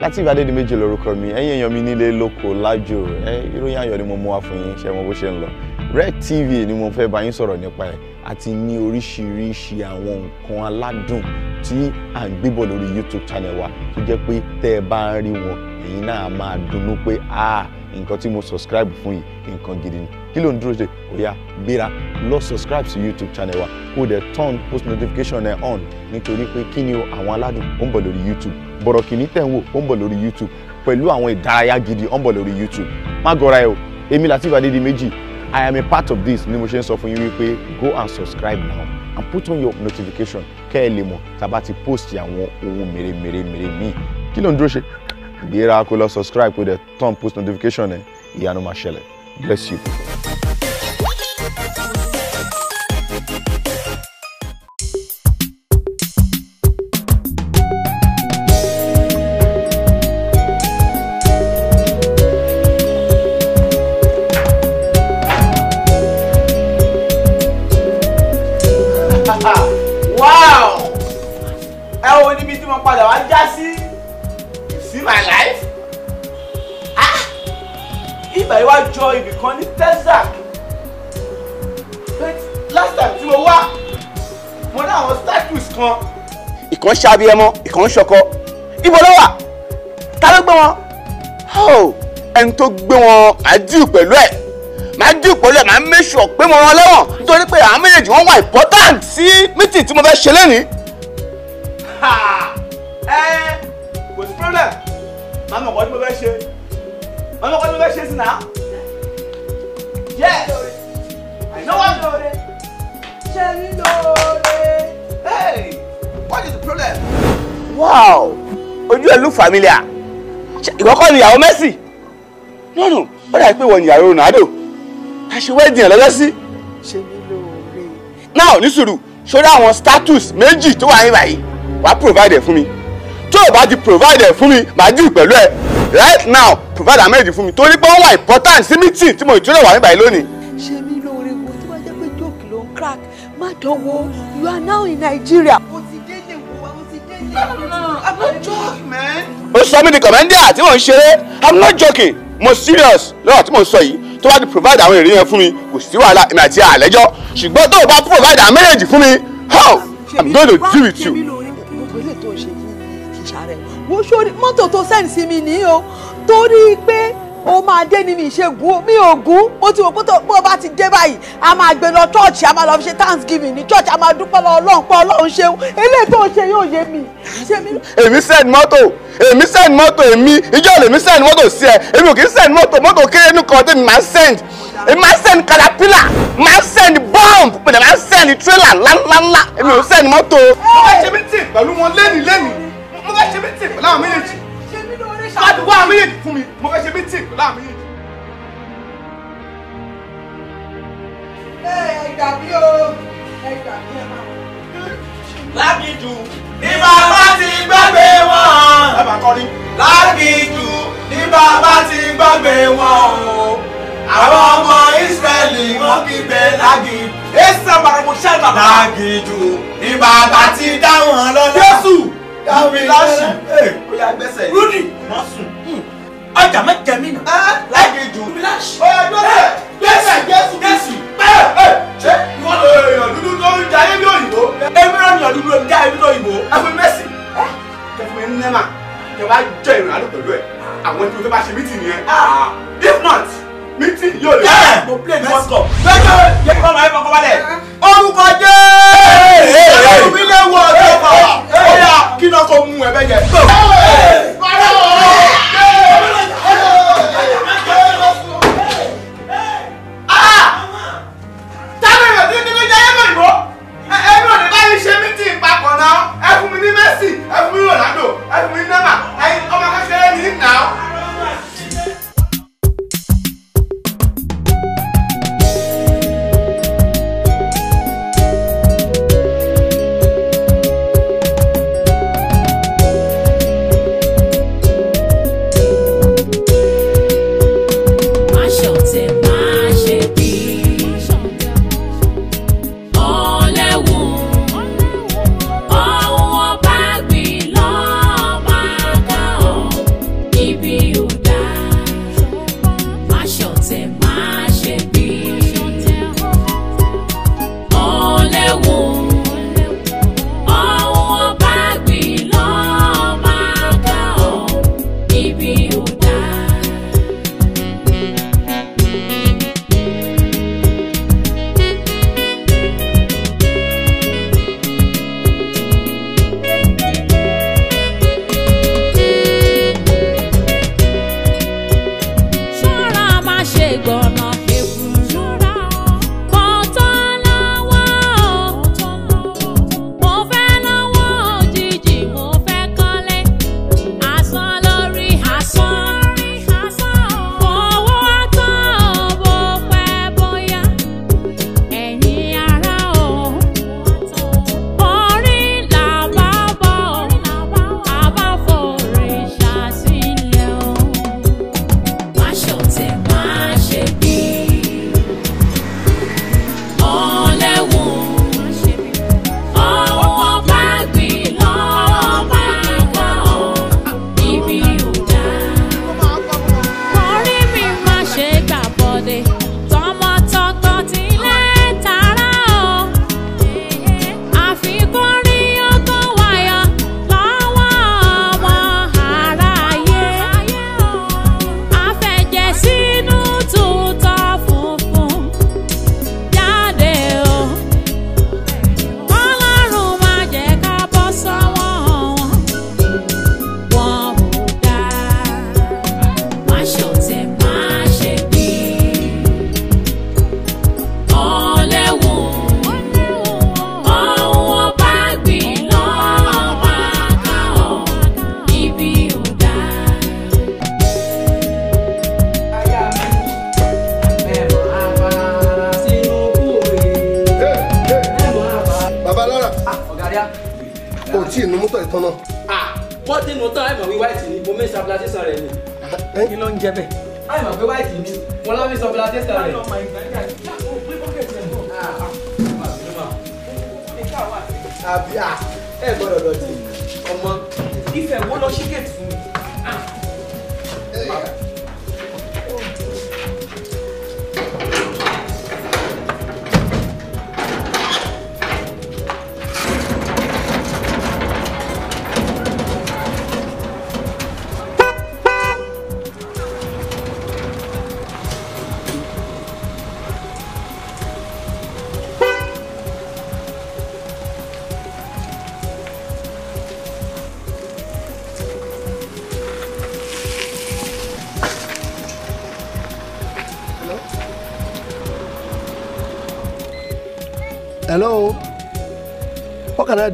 láti ìbàdàn di méje lórúkọ mi ẹ̀yin èèyàn mi nílé lóko lájò ẹ ìròyìn ayọ̀ ni mo mú wá fún yín ṣe mo bó ṣe ń lọ Red TV ni mo fẹ́ bá yín sọ̀rọ̀ nípa ẹ̀ àti ní oríṣiríṣi àwọn nǹkan aládùn tí à ń gbébọ̀ lórí YouTube channel wa tó jẹ́ pé tẹ́ ẹ bá ń rí wọn èyí náà máa dunnú pé ah nǹkan tí mo subscribe fún yìí nǹkan gidi ni kí ló ń dúró ṣe ó yá gbéra lọ subscribe sí YouTube channel wa kó o dẹ̀ turn post notification ẹ̀ on nítorí pé kí ni o àwọn aládùn ó ń bọ̀ lórí YouTube bọ̀rọ̀ kìíní tẹ̀ ń ó ń bọ̀ lórí youtube pẹ̀lú àwọn ìdárayá gidi ó ń bọ̀ lórí youtube má gọra ẹ o èmi Lateef Adédìméjì i am a part of this ni mo ṣe ń sọ fún yín wípé go and subscribe now and put on your notification kẹ́ ẹ lè mọ̀ tá ti post àwọn ohun mèremèremère míì kí ló ń dúró ṣe gbéra kó lọ subscribe kó dẹ̀ turn post notification ẹ̀ ìyanu máa ṣẹlẹ̀ bless you. ṣàbíyẹmọ ìkan ṣọkọ ibo ló wà ta ló gbé wọn ẹni tó gbé wọn máa díù pẹ̀lú ẹ̀ máa díù pẹ̀lú ẹ̀ máa make pé mo rán lẹ́wọ̀n nítorí pé àwọn méjèèjì wọ́n wà important sí meeting tí mo fẹ́ ṣe lẹ́nìí. ẹ kò sí problem màá mọ̀ kọ́ mo fẹ́ ṣe màá mọ̀ kọ́ mo fẹ́ ṣe sí náà. yẹ àìnáwó lóore ṣe ń lóore. What is the problem? Wow! Ojú ẹ̀ look familiar. Ìkọ́kọ́ ni ìyàwó mercy. No no, ó dà pé wọ́n ni ìyàwó Ronaldo. A ṣe wedding ẹ̀ lọ́jọ́ sí. Ṣé nílò rè? Now ní sùúrù, ṣó àwọn status méjì tó wà ní báyìí, wàá provide ẹ̀ fún mi. Tó o bá ti provide ẹ̀ fún mi, màá dì pẹ̀lú ẹ̀. Right now, provide àmẹ́jì fún mi torí pé ó wà important sí meeting tí mo ìtúrẹ̀ wà ní báyìí lónìí. Ṣé mi lóore wo tí wọ́n jẹ́ pé jókè ló ń crack? Má dánwò, you are now in Nigeria ó sọ mí di kọ̀mẹ́ndé àti mò ń ṣeré i'm not joking mo serious lọ́rọ̀ tí mò ń sọ yìí tó bá ti provide àwọn èrè yẹn fún mi kò sí wàhálà èmi àti àlẹ́jọ́ ṣùgbọ́n tó o bá provide àwọn méjèèjì fún mi how i'm going to deal with you. mọ́tò tó sẹ́ǹsì mi nìyí o torí pé ó máa dé ní mi ìṣègùn mi ò gún mo ti wò pé tó bá ti dé báyìí a máa gbé lọ church a máa lọ ṣe thanksgiving ní church a máa dúpẹ́ lọ ọlọ́run pé ọlọ́run ṣeun eléyìí tó ṣe yóò yé mi. èmi send mọ́tò èmi send mọ́tò èmi ìjọ lèmi send mọ́tò sí ẹ èmi ò kì í send mọ́tò mọ́tò kéré ní kan tẹ́mi máa send èmi máa send caterpillar máa send bomb pèlè máa send trailer ńláńláńlá èmi ò send mọ́tò. mo bá ṣe mí tì pẹ̀lú wọn lẹ́nìí lẹ́nìí mo bá ṣe mí tì pẹ̀lú àwọn méjèèjì wá àmì yèjì fún mi mo fẹ́ ṣe mítìn pẹ̀lú àmì yèjì. ẹ gbà mí o ẹ gbà mí ẹ máa. lágìjù ni bàbá ti gbàgbé wọn. ẹ bá kọrin. lágìjù ni bàbá ti gbàgbé wọn o. àwọn ọmọ Ísírẹ́lì wọn kì í bẹ lágìjù. ẹ sábà rẹ̀ mo lágìjù ni bàbá ti dá wọn lọ́lá. Jésù káwé láṣì ó yà gbẹ́sẹ̀ rúdì má sùn hmm. ọjà má jẹ mí nà ah. láìpẹ́ jù ó yà gbẹ́sẹ̀ gbẹ́sẹ̀ jésù jésù bẹ́ẹ̀ ṣé ìwọ ló yàn dúdú tó ń jayé bí òyìnbó èmi náà yàn dúdú ń jayé bí òyìnbó ẹgbẹ́ mẹ́sì kẹfún mi ní nẹ́mà kẹfún mi jẹ́ ìrìn àlọ́ pẹ̀lú ẹ̀ àwọn ẹni tó fẹ́ bá ṣe mítì nìyẹn if not meeting yóò lè wá mo play one cup. bẹ́ẹ̀ yẹ kọ́ máa ń fọkàn balẹ̀. orúkọ jẹ́ ẹ̀rọ mi lè wọ ọjọ́ pa wá ó yà kí ah! náà kó mú ẹ bẹ́ẹ̀ yẹ. Ẹ fún mi ní Messi, ẹ fún mi ní Ronaldo, ẹ fún mi ní Neymar, ẹyin ọmọ kékeré ní now.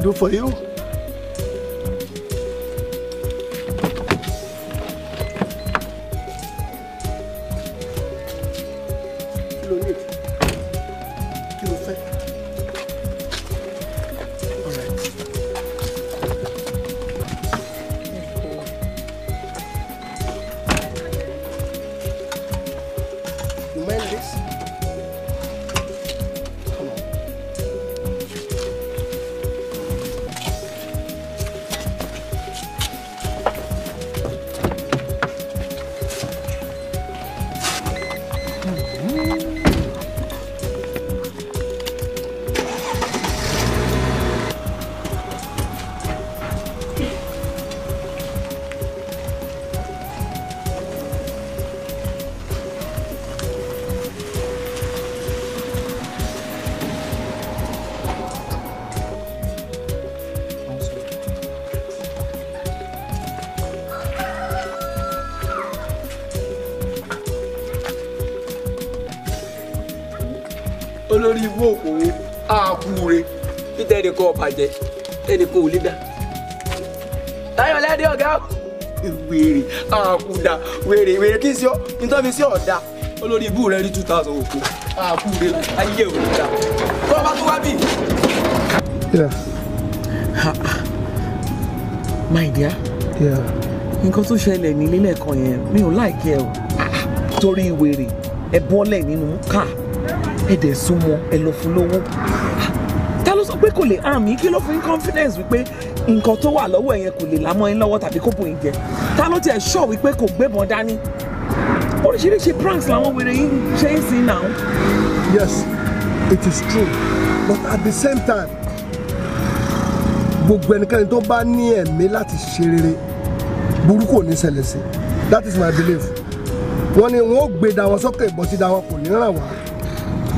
viu? Foi eu. olórí ìwé òkòwò àkúre peter ẹnìkan ọ̀bàjẹ́ ẹnìkan ò lè dá táyọ̀ lẹ́dí ọ̀gá wèrè àkúdà wèrè wèrè kí n sí ọ nítorí mi sí ọ̀dà olórí ibú rẹ rí two thousand òkú àkúre ayé ò lè dá bá tún wá bì. my dear nǹkan tó ṣẹlẹ̀ nílé lẹ́ẹ̀kan yẹn mi ò láìkẹ́ o torí wèrè ẹ bọ́lẹ̀ nínú káà ẹ dẹ̀ wọn ẹ lọ fún lọ́wọ́ ta ló sọ pé kò lè hàn mí kí ló fún confidence wípé nǹkan tó wà lọ́wọ́ ẹ̀yẹn kò lè lámọ́ yín lọ́wọ́ tàbí kó bò yín jẹ ta ló tiẹ̀ sọ wípé kò gbébọn dání oríṣiríṣi pranks làwọn wèrè yín ṣe ń sin náà. yes it is true but at the same time gbogbo ẹnikẹ́ni tó bá ní ẹ̀mí láti ṣe rere burúkú ní ṣẹlẹ̀ that is my belief wọ́n ní wọ́n gbé da wọn sókè ìbọn da wọn kò ní ràn wá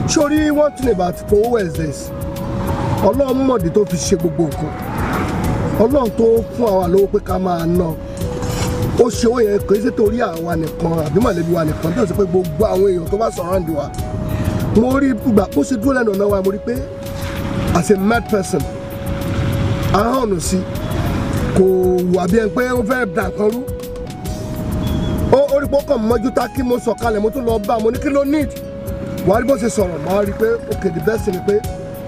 sórí one thing about Fowó Wednesdays ọlọ́run mọ̀dé tó fi ṣe gbogbo nǹkan ọlọ́run tó fún àwa lówó pé ká máa ná ó ṣe owó yẹn kò ṣe torí àwa nìkan àbí mọ̀lẹ́bí wa nìkan tó ṣe pé gbogbo àwọn èèyàn tó bá surround wa mo rí gbà bó ṣe dúró lẹ́nu ọ̀nà wa mo rí pé as a mad person ahọ́n ọ̀nà sí kò wà bí ẹni pé ó fẹ́ dà nǹkan rú ó rí pé ó kàn mọ́jú tá kí mo sọ̀kalẹ̀ mo tún lọ bá mo ní kí ló need wà á rí bó ṣe sọ̀rọ̀ mà á rí i pé ok the best ni pé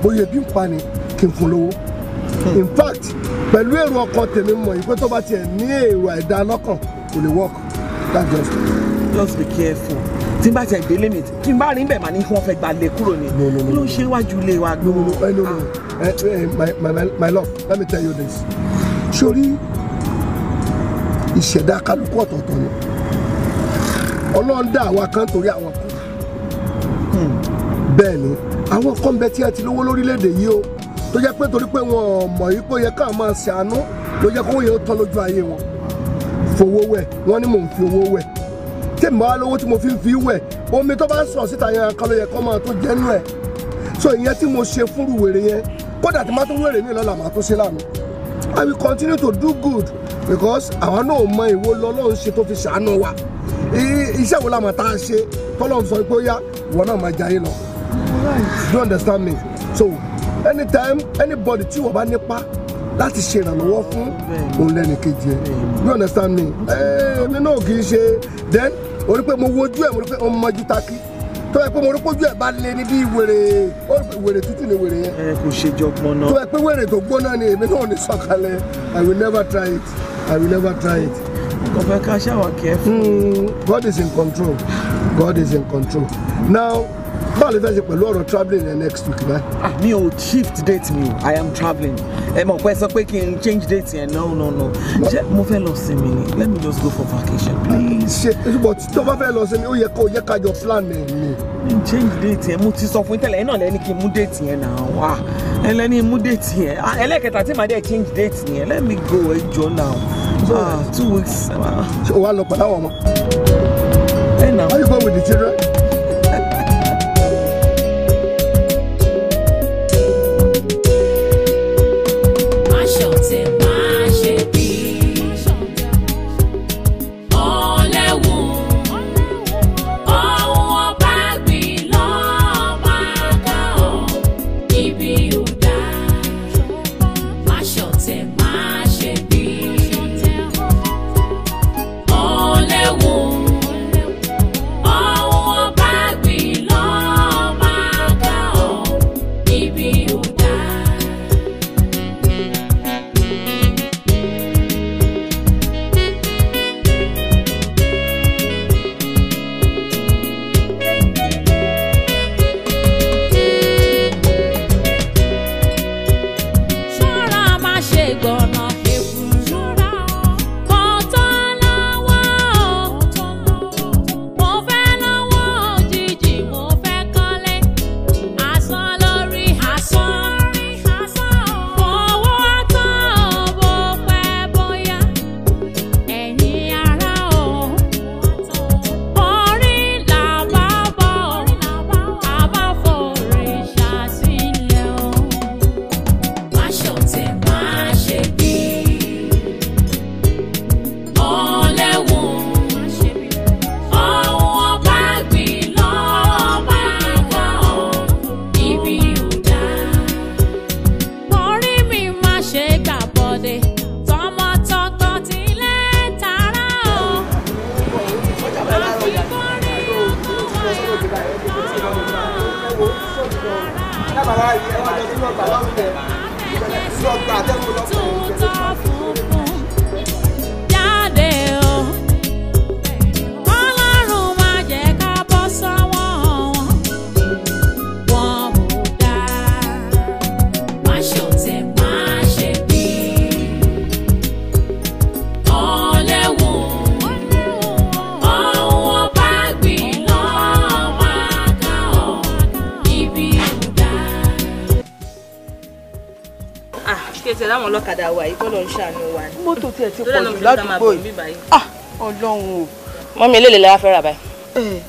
bóyá ebi ń pa ni kí n fún lówó hmm. in fact pẹ̀lú èrò ọkọ tèmi mọ̀ yìí pé tó bá tiẹ̀ ní èrò àìdá lọ́kàn kò lè work that's just just be careful tí n bá tiẹ̀ dé limit tí n bá rí bẹ̀ máa ní kí wọ́n fẹ́ gba lè kúrò ní kí ló ń ṣe iwájú ilé wa no no no eh, no no ah. eh, eh, my my my love let me tell you this sori ìṣẹ̀dá kálukú ọ̀tọ̀ọ̀tọ̀ ni ọlọ́run dá àwa kan torí àwọn kan bẹ́ẹ̀ ni àwọn kan bẹ tí ẹ ti lówó lórílẹ̀‐èdè yìí o tó jẹ́ pé torí pé wọn ò mọ̀ yìí pé ó yẹ ká máa ṣàánú ló jẹ́ kó yẹ ó tán lójú ayé wọn fowó wẹ̀ wọ́n ní mò ń fi owó wẹ̀ tèmi máa lówó tí mo fi ń fi wẹ̀ omi tó bá ń sọ̀ síta yẹn kan ló yẹ kó máa tó jẹ́nu ẹ̀ so ìyẹn tí mo ṣe fúnru wèrè yẹn kódà tí má tó wèrè mi lọ́la màá tó ṣe lánàá I will continue to do good because àwọn náà mọ ìwo lọ́lọ́run ṣe tó fi ṣàánú wa iṣẹ́ wo la mọ̀ tá a ṣe tọ́lọ́run sọ pé ó yá ìwọ náà máa jayé lọ you understand me so anytime anybody tí wọ́n bá nípa láti ṣe ìrànlọ́wọ́ fún òun lẹ́nu kejì ẹ̀ you understand me eh, èmi náà kì í ṣe then o pé mo wojú ẹ̀ mo rí pé mo mọjú takí tó yẹ pé mo rí pójú ẹ̀ bá lé ní bí wèrè wèrè tútù ni wèrè yẹn. ẹ eh, kò ṣe jọ pọnà. tó yẹ pé wèrè tó gbóná ni èmi náà ò ní sọ̀kalẹ̀ i will never try it i will never try it kò fẹ́ hmm, God is in control God is in control now báwo lè fẹ́ ṣe pẹ̀lú ọ̀rọ̀ travelling yẹn next week báyìí. ah mi ò shift date mi i am travelling ẹ mọ̀ pé sọ pé kí n change date yẹn no no no ṣe mo fẹ́ lọ sinmi ni let me just go for vacation please. ṣe but tó bá fẹ́ lọ sinmi ó yẹ kó yẹ ká jọ plan ẹ̀ ni. mi change date yẹn mo ti sọ fún tẹ́lẹ̀ ẹ náà lẹ́ni kí n mú date yẹn náà wá ẹ lẹ́ni mú date yẹn ah, ẹlẹ́kẹta tí màá dẹ̀ change date yẹn let me go ẹ jọ náà. Ah, two weeks. ṣé o wa lọ pẹ̀lú àwọn how you going with the children. Ọlọ́run ṣàánú wa ni. mọ́tò tiẹ̀ ti pọ̀ jù ládùúgbò yìí ah Ọlọ́run o. mọ́mí eléyìí lè fẹ́ rà báyìí. ẹ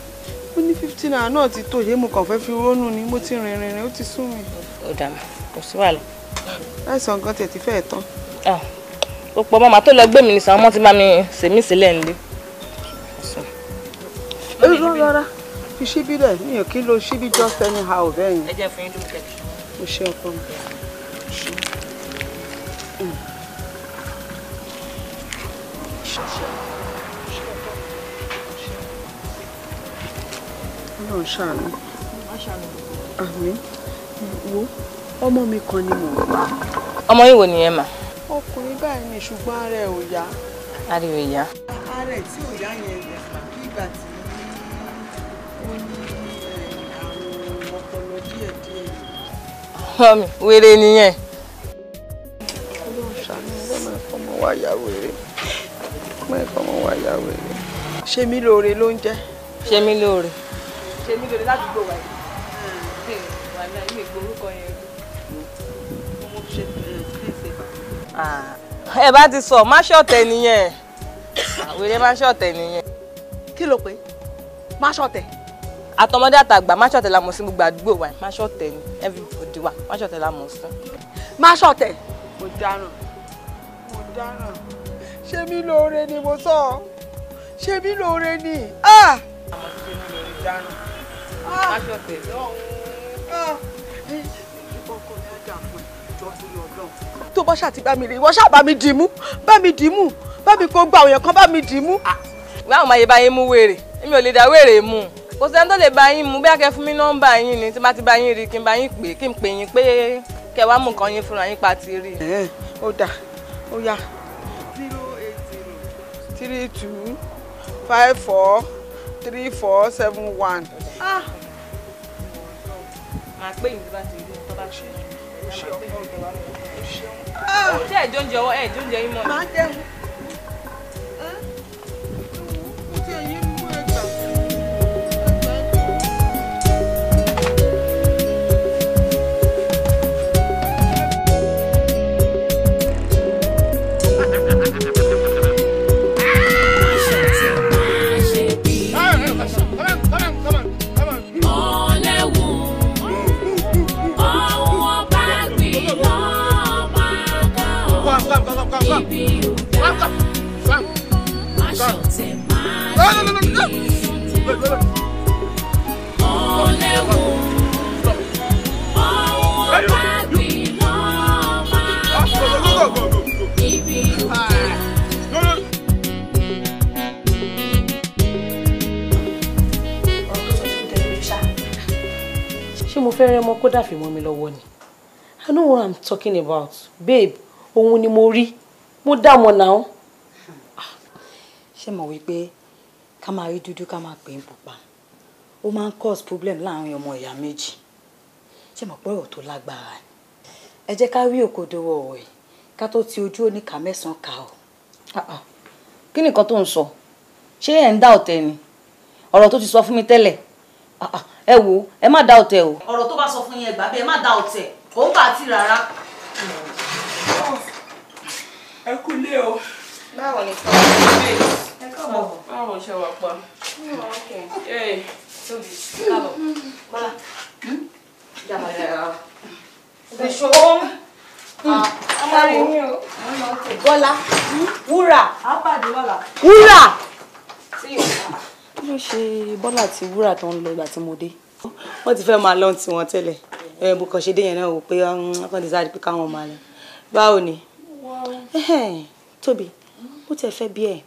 mo ní fifteen naira náà ti tó yé mo kàn fẹ́ fi rónú ni mo ti rìn rìn rìn ó ti sún mi. ó dà mí kò sí wàhálà. láìsàn gan tiẹ̀ ti fẹ́ẹ̀ tán. ó pọ̀ mama, tó lọ gbé mi nìsàn ọmọ ti bá mi sèmí sílẹ̀ nílé. ẹ rọra fi ṣíbí rẹ mi ò kí lo ṣíbí just anyhow bẹ́ẹ̀ yẹn. ẹ jẹ́ fún yín lóúnjẹ. o ṣe ọkọ mi. Mm. Ọlọ́run ṣàánú. àmín wo ọmọ mi kan ni mò ń wá. ọmọ yìí wo nìyẹn mà. ọkùnrin báyìí ni ṣùgbọ́n ara ẹ̀ ò yá. ara ẹ̀ ò yá. ara ẹ̀ tí ò yá yẹn rẹ̀ bí ìgbà tí ó ní eh, àrùn ọpọlọ díẹ̀díẹ̀. ọmọ wèrè nìyẹn. Ọlọ́run ṣàánú ọlọ́mọ ẹ̀kọ́ ọmọ wa yá wèrè ọmọ ẹ̀kọ́ ọmọ wa yá wèrè. ṣé mi lóore ló ń jẹ́. ṣé mi lóore ṣe mí lórí ládùúgbò wa yìí wà ní àyè ìgbórúkọ yẹn rú mo ṣe tẹ̀lé ah, ẹ bá ti sọ má ṣọ̀tẹ̀ nìyẹn àwèrè ah, má ṣọ̀tẹ̀ nìyẹn. kí ló pé má ṣọ̀tẹ̀. àtọmọdé àtàgbà má ṣọ̀tẹ̀ la mọ̀ sí gbogbo àdúgbò wa má ṣọ̀tẹ̀ ni everybody wa má la mọ̀ sí. má mo dáràn mo dáràn ṣé mi lóore ni mo sọ ṣé mi lóore ni. Ah! àmọ́ ṣé mi lóore dáràn aṣọ tèmi. tó bá ṣàti bá mi rí ìwọ ṣáà bá mi dìímú bá mi dìímú bá mi kó gba àwọn èèyàn kan bá mi dìímú. láwọn máa yẹ bá yín mú wèrè èmi ò lè dá wèrè mú un kò sẹ́ni tó lè bá yín mú bí akẹ́ fún mi nọ́mbà yín ni tí bá ti bá yín rí kí n bá yín pè kí n pè yín pé kẹ wàá mú nǹkan yín fúnra yín pa ti rí. ẹ ó dà ó yá. zero eight zero three two five four three four seven one. Ah. pè yín bí bá ti rí tó bá ṣe ah. ṣé ẹjọ ọwọ ẹjọ ń yín mọ. máa jẹun. Ha ha ha come, come. Come, come. Come. Come. No, no, no, no. no. Look, look, look. ṣé mo fẹ́ rẹ́ mọ́ kó dàfí mọ́ mi lọ́wọ́ ni I know what I'm talking about babe òun ni mo rí mo dá mọ̀ náà. ṣé mọ̀ wípé ká máa rí dúdú ká máa pè é pupa ó máa ń cause problem láàárín ọmọ ìyá méjì ṣé mọ̀ pé ọ̀rọ̀ tó lágbára ni ẹ jẹ́ ká rí òkodoro ọ̀rọ̀ yìí ká tó ti ojú oníkà mẹ́sàn-án kà ó. Ah, ah. kí ni nǹkan tó ń sọ ṣé ẹ̀ ń dá ọ̀tẹ̀ ni ọ̀rọ̀ tó ti sọ fún mi tẹ́lẹ̀ ah, ẹ wo ẹ má dá ọ̀tẹ̀ o. ọ̀rọ̀ tó bá sọ fún yín ẹ ẹ má dá ọ̀tẹ̀ kò ń bà á tì rárá ẹ kú lé o. báwo ni kọ́ ẹ káàbọ̀ báwo ṣe wà pa. tóbi káàbọ̀ hmm? bọ́lá jàmbá yàrá bẹ̀ṣọ́ káàbọ̀ bọ́lá wúrà wúrà. kí ló ṣe bọ́lá àti wúrà tó ń lọ ìgbà tí mo dé wọ́n ti fẹ́ máa lọ́n tiwọn tẹ́lẹ̀ bó kàn ṣe dé yẹn náà wò pé um, wọ́n kàn ti sáré pé káwọn máa lọ báwo ni. Tóbi bó tiẹ̀ fẹ́ bí ẹ̀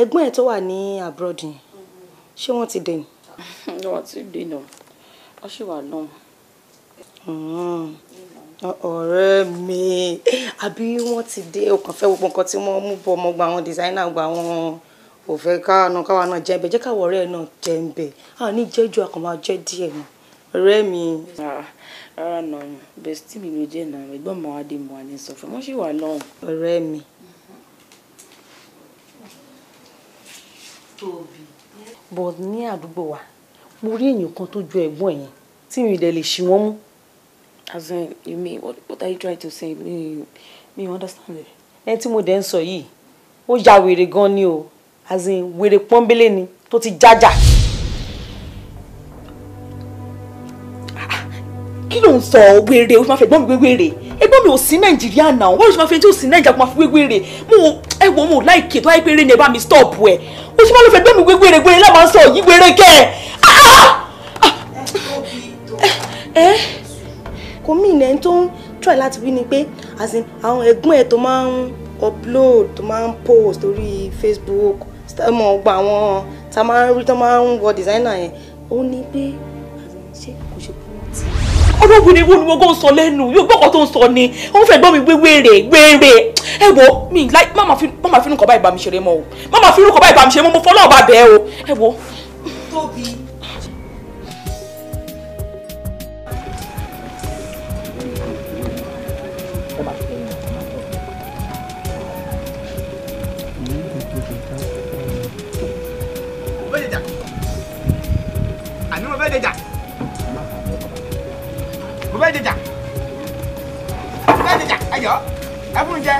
ẹ̀gbọ́n ẹ̀ tó wà ní abroad yẹn ṣé wọ́n ti dẹ̀yìn. wọ́n ti dènà wọ́n sì wà lọ́hùn. Mm-hmm. ọ̀rẹ́ mi àbí wọ́n ti dé ọkàn fẹ́ gbogbo nǹkan tí wọ́n mú bọ ọmọ gba àwọn dìsáínà gba àwọn òfẹ́ káwọn káwa náà jẹ́ ẹ̀bẹ̀ jẹ́ káwọ̀ ọ̀rẹ́ náà jẹ́ ẹ̀bẹ̀ àwọn oníjẹ́jú akọ̀ jẹ́ díẹ̀ ọ̀rẹ́ mi. Ah rárá nà án bẹ̀sítì mi ló jẹ́ nà án ẹ̀gbọ́n màá dé mọ́ àní sọ fún un wọ́n sì wà lọ́hùn. ọ̀rẹ́ mi. bọ̀ ní àdúgbò wa mo rí èèyàn kan tó ju ẹ̀gbọ́n yẹn tí mi dẹ̀ lè ṣí wọ́n mú. as in you mean what, what are you trying to say me me understand it. ẹ tí mo dẹ̀ ń sọ yìí ó ya wèrè gan ni o as in wèrè pọ́nbélé ni tó ti jájà. kí ló ń sọ wèrè o máa fẹ́ gbọ́n mi wéwèrè ẹgbọ́n mi ò sí nàìjíríà náà wọ́n ti máa fẹ́ tí ò sí nàìjíríà kó máa fi wéwèrè mo ẹ wo mo láìkè e tó àìpé eré ni ẹ bá mi stop ẹ o ti máa lọ fẹ́ gbọ́n mi wéwèrè wèrè láwọn máa ń sọ yí wèrè ah, ah, ah. ẹ. kò mí ìnà tó ń try láti wí ni pé àwọn ẹ̀gbọ́n ẹ̀ tó máa ń upload tó máa ń post lórí Facebook mọ̀ gba àwọn tá a máa ń rí tó máa ń wọ designer yẹn ó ní pé ọlọ́bìnrin wo ni mo gbọ́ sọ lẹ́nu yóò gbọ́kọ̀ tó ń sọ ni ó ń fẹ́ gbọ́ mi gbé wéèrè wéèrè ẹ wo mi láì má máa fi nǹkan báyìí bá mi ṣeré mọ́ o má máa fi nǹkan báyìí bá mi ṣeré mọ́ mo fọlọ́ọ̀ bá bẹ́ẹ̀ o ẹ wo. tóbi abúrújẹ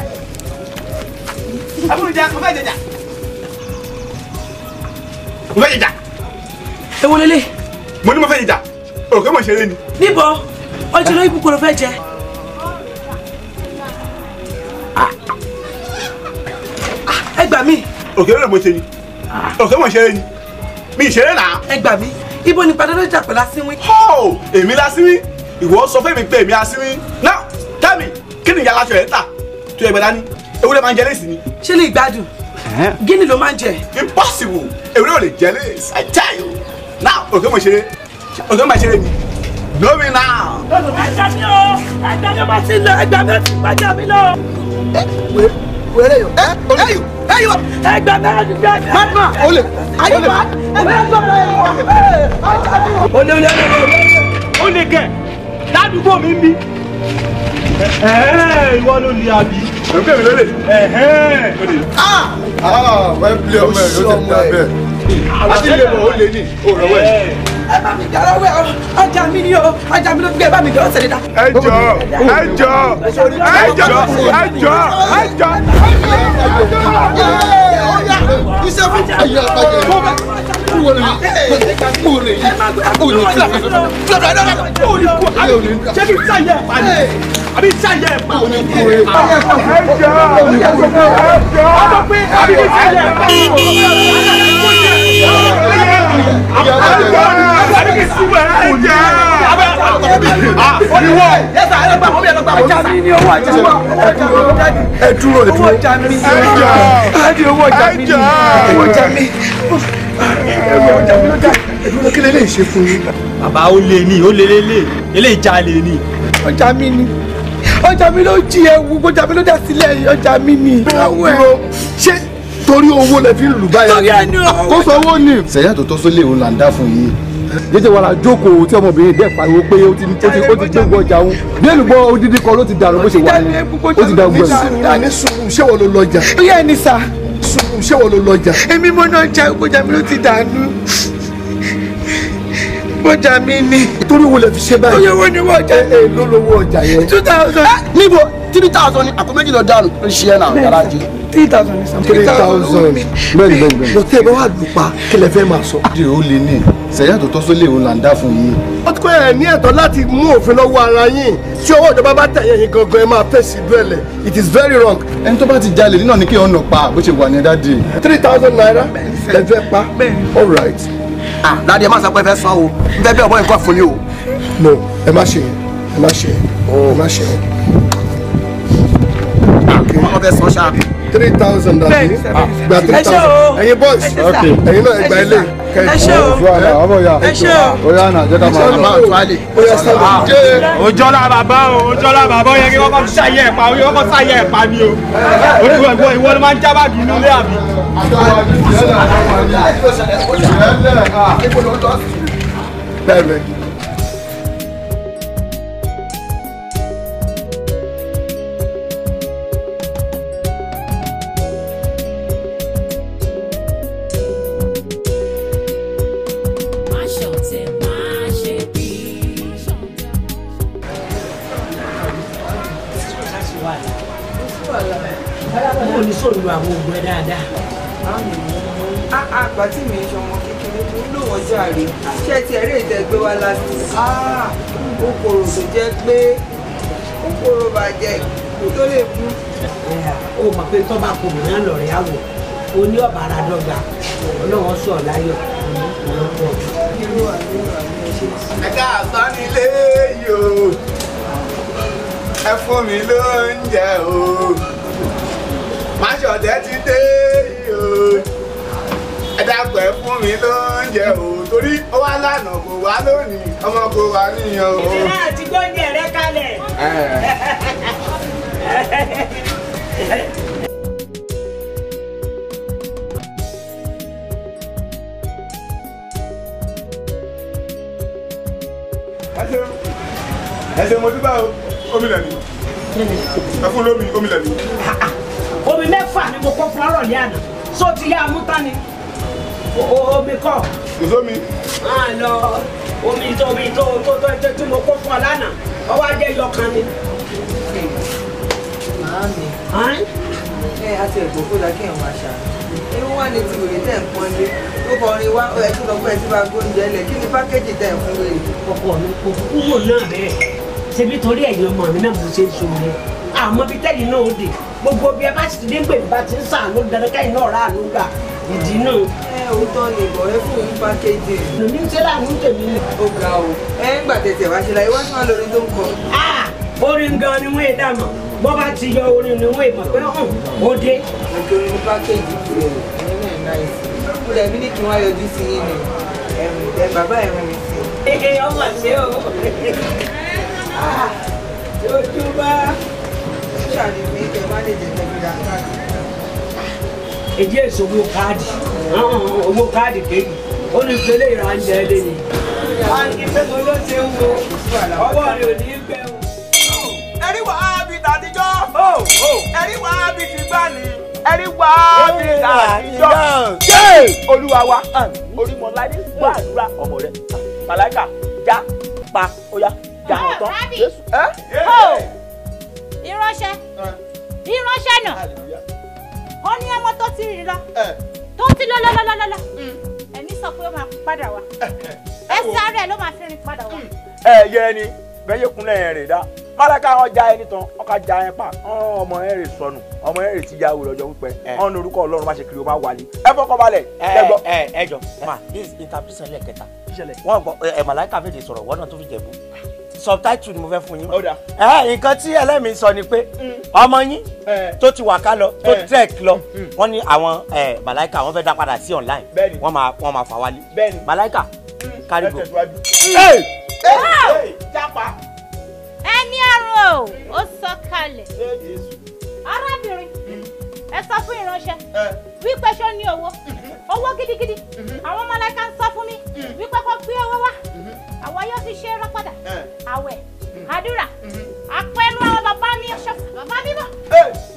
abúrújẹ mo fẹ́ jẹjà mo fẹ́ jẹjà. ewo lele. mo ní mo fẹ́ jẹjà òkè mo ṣeré ni. níbo ọjọ́ lórí ibùkún ló fẹ́ jẹ. Ah, ẹ gbà mí. òkè lórí mo ṣe ni òkè mo ṣeré ni mi ìṣeré náà. ẹ gbà mí ibo ni padà lójà pẹ̀lú asínwín. ho èmi lásínwín ìwọ sọ fún mi pé èmi asínwín náà tẹ́mi kí ni ìyá aláṣọ yẹn ta tó ẹgbẹ́ dání ewúrẹ́ máa ń jẹ léèsì ni. ṣé lè gbádùn gíní ló máa ń jẹ. impossible ewúrẹ́ ò lè jẹ léèsì i tell you now òkè mo ṣeré òkè mo ṣeré mi blow me now. ẹja mi o ẹja mi o ma ti lọ ẹja mi o ti gbàjà mi lọ. wẹ́rẹ́ yọ ẹ olùyọ ẹ yọ. ẹgbẹ́ mi ọdún bẹ́ẹ̀ mi. madma olè ayọ̀lẹ̀. ẹgbẹ́ mi ọdún bẹ́ẹ̀ mi. olè olè olè olè kẹ ládùúgbò mi ń bí. ẹ̀ẹ́ ìwọ ló lè àbí. Ah ah! play I Oh no no way! ló ń pè mí lólè. àwọn ẹbí ọmọ ẹ ló ti dá bẹ́ẹ̀ àti ilé mọ ó lé ní òrọwẹ. ẹ bá mi dára wẹ ọ ajá mi ni o ajá mi ló gbé ẹ bá mi dára sẹlẹ dá. ẹ jọ ẹ jọ ẹ jọ ẹ jọ ẹ jọ ẹ jọ. iṣẹ́ fún ayé àpàjẹ́ kúwòrè kúwòrè kúwòrè kúwòrè. ṣé kí n sáyẹ àpàjẹ́ àbí tí àyẹ̀ ẹ̀ máa ní kúrò ẹ̀ máa. ẹ jọ ẹ jọ ọdún pé àbí tí àyẹ̀ ẹ̀ máa ní kúrò ẹ dúró ẹ dúró ẹ jẹ owó ọjà mi ẹ jẹ owó ọjà mi kí lè lè ṣe fún yín. bàbá ó lé ní ó lé lé lé eléyìí já lé ní. ọjà mi ni ọjà mi ló jí ewu ọjà mi ló dá sílẹ̀ ọjà mi ni. dúró ṣé torí owó lẹ fi ń lù báyìí kó sọ owó ni. sẹ̀yà tó tọ́ sólè òun là ń dá fún yìí jẹjẹ wàrà jókòó tí ọmọbìnrin dẹ pariwo pé ó ti ó ti ó ti gbé gbọ ọjà òun bí èlùbọ odidi kan ló ti dàrú bó ṣe wà ní ó ti dàrú gbẹrù. ní sùúrù ṣé wọ́n ló lọ jà. ó yẹ ẹni sà. sùúrù ṣé wọ́n ló lọ jà. èmi mọ́nà ọjà ìgbọ̀jà mi ló ti dànù bọ́jà mi ni. torí wo lè fi ṣe báyìí. oye ni wọ́n jẹ. ẹ ló lówó ọjà yẹn. two thousand. níbo three thousand ni àpò méjì lọ dànù ló ṣe ẹ náà yàrá three thousand ni sàmúlò. three thousand bẹ́ẹ̀ni bẹ́ẹ̀ni bẹ́ẹ̀ni. lọtẹ bá wà lù pa kílẹ fẹ́ máa sọ. di o lè ní sẹyà tó tọ́sọ lè o là ń dá fún yín. ó ti kọ́ ẹ̀ ní ẹ̀tọ́ láti mú òfin lọ́wọ́ ara yín tí ọwọ́ ìjọba bá tẹ̀ yẹn gangan ẹ máa fèsì dúẹ̀lẹ̀ it is very wrong. ẹni tó bá ti jalè nínà ní kí ọ̀nà pa bó ṣe wà ní ẹ̀dá di. three thousand naira lẹ pa all right ládìẹ ah, má sọ pé ẹ fẹ́ san o n fẹ́ bẹ́ẹ̀ ọmọ yìí kọ́ fún yín o. no ẹ má ṣe ẹ má ṣe ẹ má ṣe kọ́ fẹ́ san ṣáà. three thousand àbí gba ah, three thousand ẹ̀yin boys ẹ̀yin náà ẹgbà ilé kẹyìn. ẹ ṣe o ọmọ ya o ya na jẹ ká máa lọ. o ya sábà jẹ. òjò la bàbá o òjò la bàbá o yẹ kí kọ́kọ́ ṣàyẹ̀ ẹ̀pà o yẹ kọ́kọ́ ṣàyẹ̀ ẹ̀pà ni o. olùkọ́ ẹ̀gbọ́n ìwọ ló máa ń jábà dùn nílé àbí. bẹ́ẹ̀ bẹ́ẹ̀. àwọn ògùn ẹ dáadáa. àgbà ah, ah, tí mi ṣe ọmọ kékeré tó ń lò wọ́n jàre ṣé ti ẹ̀rí ìtẹ́gbẹ́ wa láti ah, ó korò tó jẹ́ pé ó korò bàjẹ́ kò tó lè mú. ó mọ̀ pé tó bá kò mìíràn lọ̀rẹ́ àwọ̀ o ní ọ̀bà ara dọ́gba ọlọ́wọ́ sọ láyọ̀ ẹ̀ka àbánilé yòó ẹ fún mi lóúnjẹ o ọ̀tẹ̀ ti dé o ẹ dákun fún mi lóúnjẹ o torí ó wá lánàá kò wá lónìí ọmọ kò wá níyan o. èmi náà ti rẹ kalẹ̀. ẹ ṣe mo dúpẹ́ o omi lẹ́nu ẹ fún lómi omi lẹ́nu omi mẹ́fà ni mo kọ́ fún ọ̀rọ̀ ní àná só ti yá amúta ni omi kọ́. kò sómi. máa lọ omi tó omi tó tó tó tó tí mo kọ́ fún ọ lánàá ọwọ́ ajé yọkan ni. màámi ẹ àti ẹ̀gbọ́n kó la kí ẹ̀ wá ṣá irú wà ní ti wèrè tẹ̀ ń pọ́n lé ó kọrin wá ẹ tó lọ fún ẹ tí bá gbóúnjẹ lẹ̀ kí ni pákéjì tẹ̀ ń fún wèrè. ọkọ mi kò kúrò náà bẹ́ẹ̀ ṣe bí torí ẹ̀yin ọmọ mi náà mo ṣe ń sọ rẹ àmọ́ bí tẹ́lẹ̀ náà ó dé gbogbo bí ẹ bá sì ti dé pé bá ti ń sàánú dandan kẹ́yìn náà ráàánú gbà ìdí náà. ẹ ò tọ́ ni ìbọ̀rẹ́ fún yín pákéjì. lòdì ń ṣe láàánú tèmi ni. ó ga o ẹ ń gbà tètè wá ṣe láyé wá sán lórí tó ń kọ. orin gan ni wọ́n yé dàmú bọ́ bá ti yọ orin ni wọ́n yé mọ̀ pé hàn ó dé. ọjọ́ orin pákéjì kúrò ẹ̀yin náà náà ìsìn kúlẹ̀ bí ní kí wọ́n yọjú sí yín ni ẹ̀ bàbá ẹ̀rọ mi sí. ọmọ ṣé o. Ah, ṣàlè pé kẹ má lè jẹ tẹbi ra káàdì. èdè èso owó káàdì owó káàdì kéèkì ó ní pélé ìrànjẹ ń wo ọwọ́ rẹ̀ ò ní bẹ́ o. ẹ̀rí wàá bí tàtijọ́ ẹ̀rí wàá bí ti gbà ní ẹni wá olúwa wa orímọ̀láyé wà ọmọ rẹ̀ màláìka já pa ó já ọ̀tán jésù ìránṣẹ́ ìránṣẹ́ náà ó ní ọmọ tó ti rìn lọ tó ti lọ lọ lọ lọ lọ hmm. ẹ̀mí sọ pé ó máa padà wá ẹ sáré ló máa fi rìn padà wá. Hmm. ẹ yẹ ẹni bẹ́yẹ kúnlẹ̀ yẹn rè dá málàkà wọn já ẹni tán ọkà já yẹn pa ọmọ yẹn rè sọnù ọmọ yẹn rè ti ya òòrè ọjọ́ pípẹ́ ọ̀n ní orúkọ ọlọ́run má ṣe kiri o má wálé ẹ fọkàn balẹ̀ ẹ gbọ́. ẹ ẹ jọ ma this interpretation lẹ́ẹ̀kẹta wọn gbọ́ ẹ màláìka méje sọ̀rọ̀ wọn náà tó fi jẹ̀bú subtitle ni mo fẹ́ fún yín. ẹ nǹkan tí ẹlẹ́mìí sọ ni pé mm. ọmọ yín tó ti wà ká lọ tó ti trek lọ mm. wọ́n ní àwọn màláìka wọ́n fẹ́ dá padà sí online wọ́n máa wọ́n máa fà wálé màláìka mm. kárí go. Ah! ẹni ọrùn o ó sọ kalẹ̀ arábìnrin mm-hmm. ẹ sọ fún ìránṣẹ́ wípé ṣó ní owó mm-hmm. owó gidigidi mm-hmm. àwọn màláìka ń sọ fún mi wípé kó gbé owó wá àwa yóò ti ṣe rọpàdà àwẹ̀ mm-hmm. àdúrà mm-hmm. àpẹẹrù àwọn bàbá mi ọṣọ bàbá mi bọ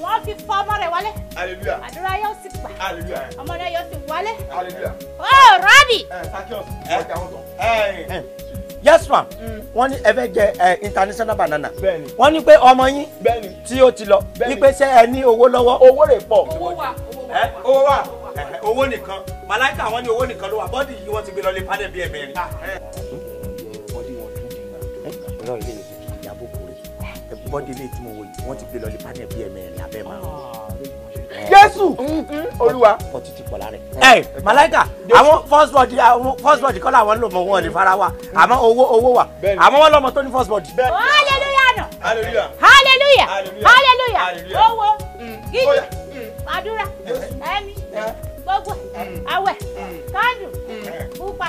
wọn fi fọ ọmọ rẹ̀ wálé àdúrà yóò sì gbà ọmọ náà yóò sì wálé. ó rọ́bì. yes ma mm. wọ́n ní ẹ fẹ́ jẹ international banana wọ́n ní pé ọmọ yín tí ó ti lọ wípé ṣé ẹ ní owó lọ́wọ́. owó rẹ̀ pọ̀ owó wà owó nìkan màláìka àwọn ní owó nìkan ló wà bọ́dì yìí wọ́n ti gbé lọ lé pálẹ̀ bí ẹ̀mẹ́rin. Ah, ọlọ́run lè yẹ kí ìyàbò kò rí bọ́dí ilé tí mo wò yìí wọ́n ti gbé lọ lè panel bíi ẹ̀mẹ́rin abẹ́ máa jésù olúwa. ọtí ti pọ̀ lára ẹ̀. ẹ màláìkà àwọn first body àwọn first body kọ́lá àwọn lò mọ́ wọn ní fara wa àmọ́ owó owó wà àmọ́ wọn lọ́mọ tó ní first body. hallelujah nà. hallelujah. hallelujah. hallelujah. owó mm. gidi mm. àdúrà ẹ̀mí gbogbo mm. àwẹ̀ kánú pupa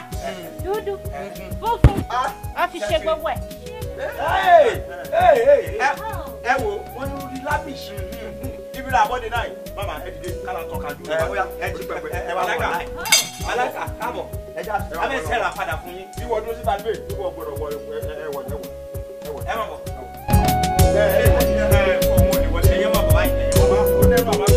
dúdú funfun wọ́n ah. fi ṣe gbogbo ẹ̀ ẹ wo wọn ní orí lábìsì ibi la bọ́dé náà mama ẹ dìde kálá tọ́ ka dùn ẹ jí pẹpẹ ẹ wà láìka aláìka káàbọ̀ ẹ já abẹ́ sẹ́ra padà fún yín. ìwọ dúró sí balùwẹ̀ ìwọ gbọdọ̀ wọ ẹ wọ ẹ wọ ẹ má bọ̀. ẹ ẹ ẹ ọmọ ìwọlẹ̀ ẹ yẹ má bàbá yìí ẹ yẹ má bàbá.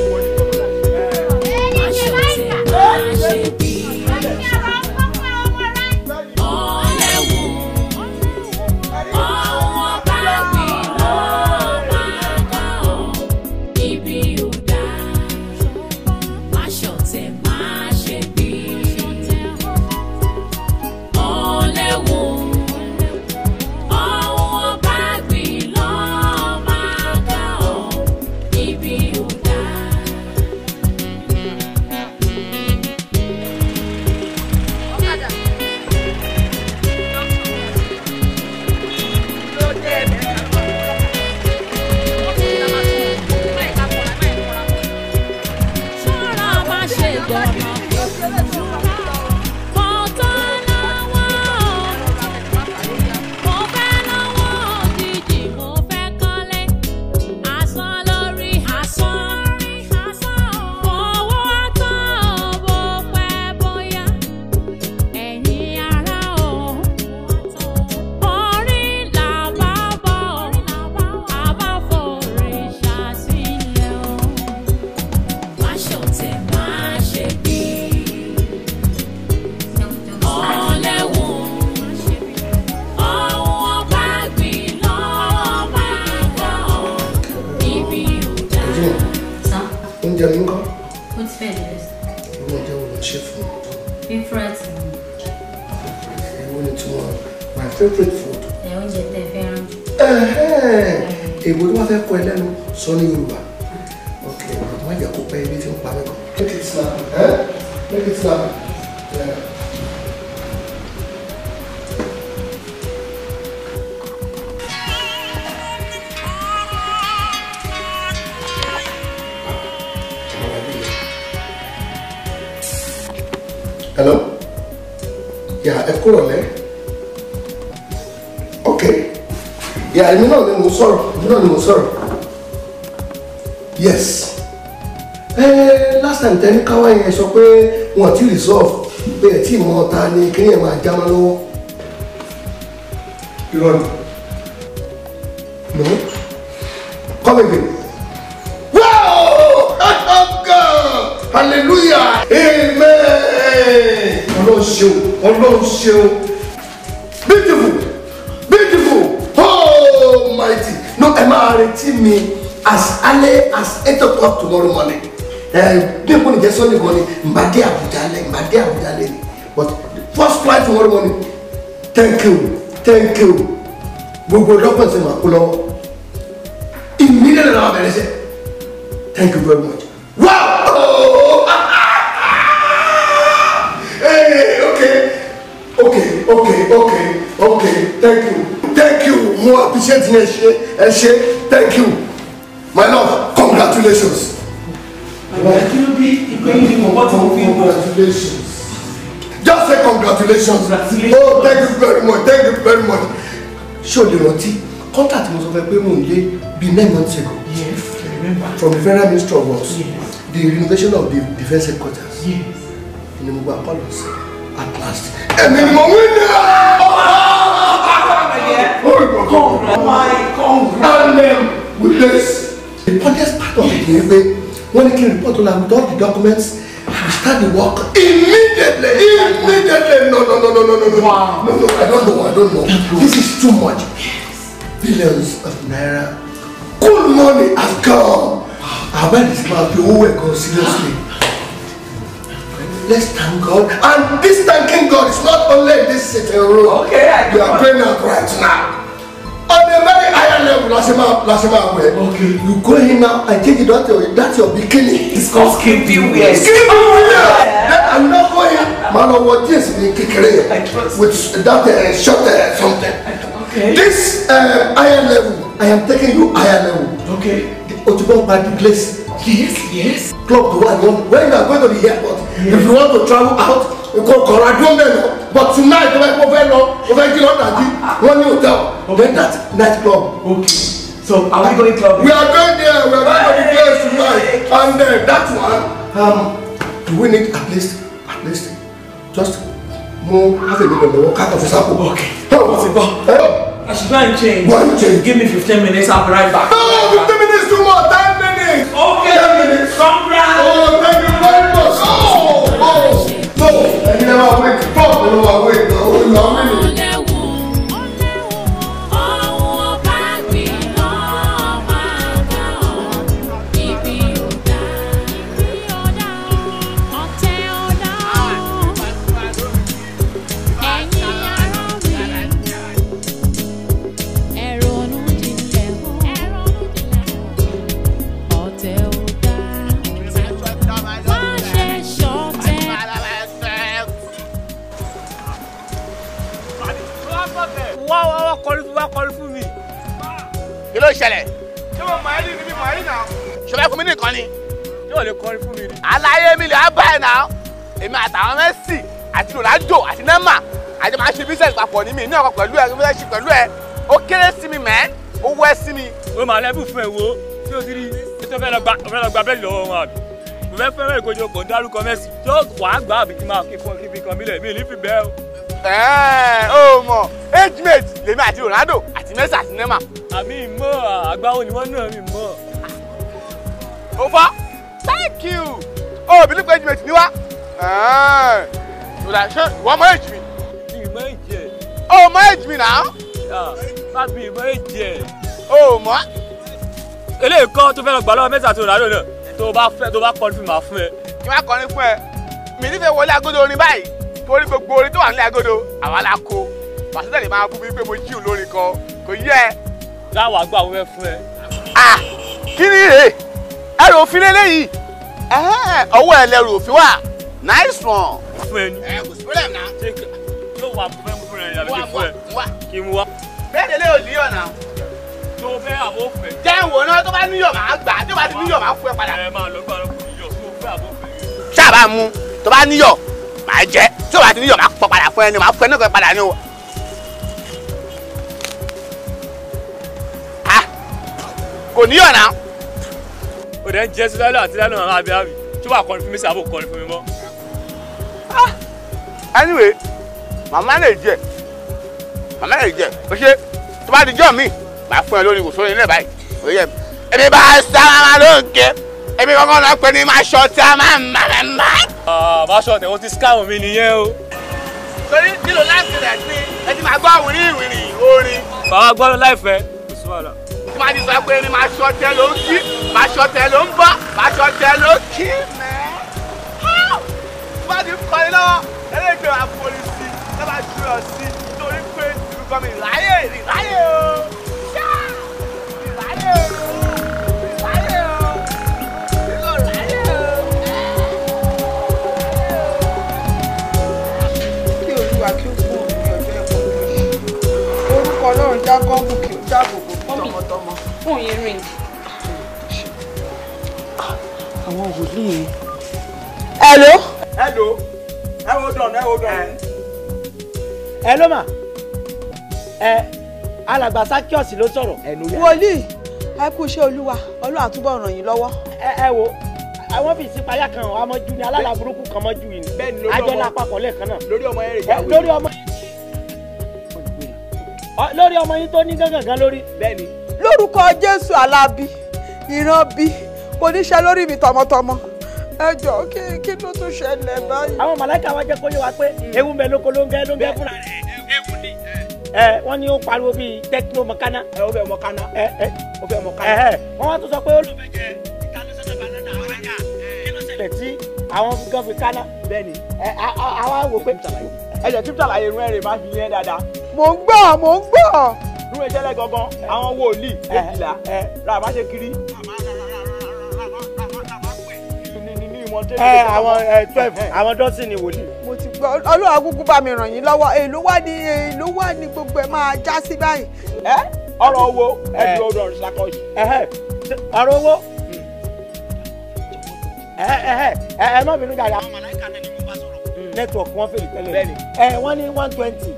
káwá yẹn sọ pé wọn ti resolve pé tí ìmọ̀ ta ni kí yẹn máa jámọ́ lọ́wọ́. irọ́ ni no come hallelujah amen ọlọ́run ṣeun ọlọ́run ṣeun beautiful beautiful oh mighty no ẹ máa retí mi as early as eight o'clock tomorrow morning bí èkó nìjẹ́ sọ́ọ́ nìkan ni mbà dé Àbújá lẹ́ mbà dé Àbújá lẹ́ ni but first flight tomorrow morning thank you thank you gbogbo dọ́pọ̀ sí màá kú lọ́wọ́ immediately náà bẹ̀rẹ̀ sẹ́ thank you very much wow hey, okay okay okay okay okay thank you thank you mo appreciate ẹ ṣe ẹ ṣe thank you. congratulations. oh thank you very much thank you very much. ṣé o contact mo sọ fẹ́ pé mò nine months ago. yes I remember. from the federal ministry of works. yes the renovation of the defense headquarters. yes ni mo gba call at last. ẹ̀mí ni mo wí ní ọ̀rọ̀. my congratulations. with this the funniest part of the ni pé wọ́n ní kí n report all with all the documents after the work immediately immediately no no no no no no no wow. no no I don't know I don't know this is too much billions of naira good money has come abeg this man be who wey come seriously let's thank God and this thanking God is not only in this city alone okay, we are praying out right now lásìmá you go in now and take it out your that's your bikini. it's called skimpy wear. skimpy wear then i no go in. màá lọ wọ jeans ní kékeré with that uh, eh, short uh, eh, something. Okay. this uh, eh, higher level i am taking you iron level. okay. The ti bọ́ place. Yes, yes. Club to one. When you are going to the airport, yes. if you want to travel out, you call Corrado Melo. But tonight, mo fẹ́ lọ, mo fẹ́ kí lọ dàjí, wọ́n ní hotel, then that night club. Okay. So are we going club? We are going there. We are going to the place tonight. And uh, that one, um, do we need at least, at least, just more Have a little more cut off sample. Okay. Oh, what's it about? I should go and change. Go and change. Give me 15 minutes. I'll be right back. Oh, no, Okay. Ten minutes. Congrats. Oh, thank you very much. Oh, oh, oh, oh. no. I you never wake up. You never wake ṣẹlẹ̀. ṣé mo màálì ni mi màálì náà. ṣọlá fún mi nìkan ni. yóò lè kọrin fún mi ni. aláyé mi lè á bá ẹ̀ náà èmi àtàwọn mẹ́sì àti rọ̀lájò àti nẹ́mà àti máa ṣe bísẹ̀sì papọ̀ ní mi ní ọkọ̀ pẹ̀lú ẹ mo fẹ́ ṣe pẹ̀lú ẹ ó kéré sí mi mẹ́ ó wẹ́ sí mi. o máa lẹ́bù fún ẹ wo tí o ti rí i tó fẹ́ lọ gba bẹ́ẹ̀lì lọ́wọ́ wọn àbí mo fẹ́ fẹ́ràn ìkójọpọ̀ dárúkọ mẹ́sì tó wàá gbà àbí kí máa kí fún kí fi kan mílẹ̀ mi ò ní fi bẹ́ẹ̀ o ó mọ̀ age mate lèmi àti Ronaldo àti Messi àti Neymar. àmì ìmọ̀ àgbáwo ni wọ́n náà mi mọ̀. ó fọ́ thank you ó bìlí pé age mate ni wá. ṣé ìwọ mọ age mi. ìmọ̀ èjì ẹ̀. ó mọ age mi náà. bábí ìmọ̀ èjì ẹ̀. ó mọ̀. eléyìí kọ́ tó fẹ́ lọ gbà lọ́wọ́ Messi àti Ronaldo náà tó bá fẹ́ tó bá kọ́ ní fún mi máa fún ẹ. kí wọ́n á kọ́ ní fún ẹ mi nífẹ̀ẹ́ wọlé agodo orin báyìí torí gbogbo orin tó wà nílẹ̀ agodo àwa la kó pàṣẹ lè máa bú mi pé mo jí olórin kan kò yẹ. láwa gbà wọ́n fẹ́ fún ẹ. à kí ni rè ẹrù òfin lélẹ́yìí ọwọ́ ẹ lẹrù òfin wà nice one. fún ẹni ẹ kò sí pẹ́lẹ̀ náà. ṣé yóò wà fún ẹ mú fún ẹ yàrá kí fún ẹ kí n wá. bẹ́ẹ̀ lélẹ́ ò ní ọ̀nà. tó fẹ́ àbò fẹ́. jẹ́ ìwò náà tó bá níyọ̀ máa gbà tó bá ti níyọ̀ máa fún ẹ padà. ẹ máa lọ gbà lọ kò níyọ̀ tó fẹ́ àbò fẹ́. ṣáà bá mú tó bá níyọ̀ màá jẹ tí o bá ti níyọ̀ máa pọ̀ padà fún ẹni máa fún ẹni kan padà ní o. kò níyọ̀ náà. o dẹ̀ ń jẹ́ sí lálẹ́ àti lálẹ́ màmá abiyá mi tí wàá kọrin fún mi sí àbò kọrin fún mi mọ́. Ah! anyway màmá lè jẹ màmá lè jẹ o ṣe tó bá di jọ mi màá fún ẹ lórí ìwòsàn ilé báyìí òye mi èmi bá sára lóògé èmi kọ́kọ́ lọ pé ní máa ṣọtí a máa máa máa. Ah, máṣọ tẹ̀wọ́ ti scam mi nìyẹn o. torí nílò láìpẹ́ rẹ̀ pé ẹ ti máa gbọ́ àwòrán ìrìnrìn orin. bàbá gbọ́dọ̀ láìpẹ́ kò sí wàhálà. tí máa ti sọ pé ní máa ṣọ tẹ ló ń kí máa ṣọ tẹ ló ń bọ́ máa ṣọ tẹ ló ń kí mẹ́. tí máa ti kọ́ni lọ́wọ́ ẹlẹ́gbẹ̀rún àforísí ẹ máa jù ọ sí torí pé ìlú gọ́mìn láyé ìrìn láyé o. já gọ́ọ̀mù kí o dáàbò bò tọmọtọmọ. fún yín rìn. àwọn wòlíì yẹn. hello. hello. ẹ wo dọ̀nà ẹ wo dọ̀nà. ẹ ló mà ẹ alàgbà sákíọ̀sì ló sọ̀rọ̀. wòlíì ẹ kú iṣẹ́ olúwa ọlọ́run àtúbọ̀ ràn yín lọ́wọ́. ẹ ẹ wo àwọn fi ìsìnpáyà kan àwọn ọmọjú ni alálà burúkú kan mọ́jú yìí ni àjọ náà papọ̀ lẹ́ẹ̀kan náà lórí ọmọ lórí ọmọ yín tó ní gángan lórí bẹ́ẹ̀ ni. lórúkọ jésù alábí ìran bí mo níṣẹ́ lórí mi tọmọtọmọ ẹ jọ kí kí ló tún ṣẹlẹ̀ báyìí. àwọn màláìka wa jẹ́ kó yé wa pé hmm. ewu ń bẹ lóko ló ń gẹ́ ló ń gẹ́ fúnra rẹ̀ ewu ni. ẹ wọ́n ní ó pariwo bíi tẹkino mọ̀kánná. ẹ o bẹ mọ̀kánná. ẹ ẹ o bẹ mọ̀kánná. ẹ wọ́n wá tún sọ pé ó ló bẹ jẹ ìtàlẹ́sọ̀tà banana ọ̀rẹ́ yà kí ló ṣẹlẹ̀ tí àwọn gan fi kánná. bẹ́ẹ̀ni. ẹ àwa wò pé ẹ jẹ́ kí mò ń gbọ́ mò ń gbọ́. irú ìṣẹ̀lẹ̀ gangan àwọn wòlíì èjìlá ra àbá ṣe kiri. àwọn twelve àwọn dọ́sìn ni wòlíì. mo ti gbọ́ ọlọ́run agúgú bá mi ràn yín lọ́wọ́ èló wà ní èló wà ní gbogbo ẹ̀ máa já sí báyìí. ẹ ọ̀rọ̀ owó ẹbí ọdọ ìṣàkọsí. ọ̀rọ̀ owó ẹ má bínú dáadáa. àwọn màláìka network wọn fèrè tẹ́lẹ̀ ẹ wọ́n ní one twenty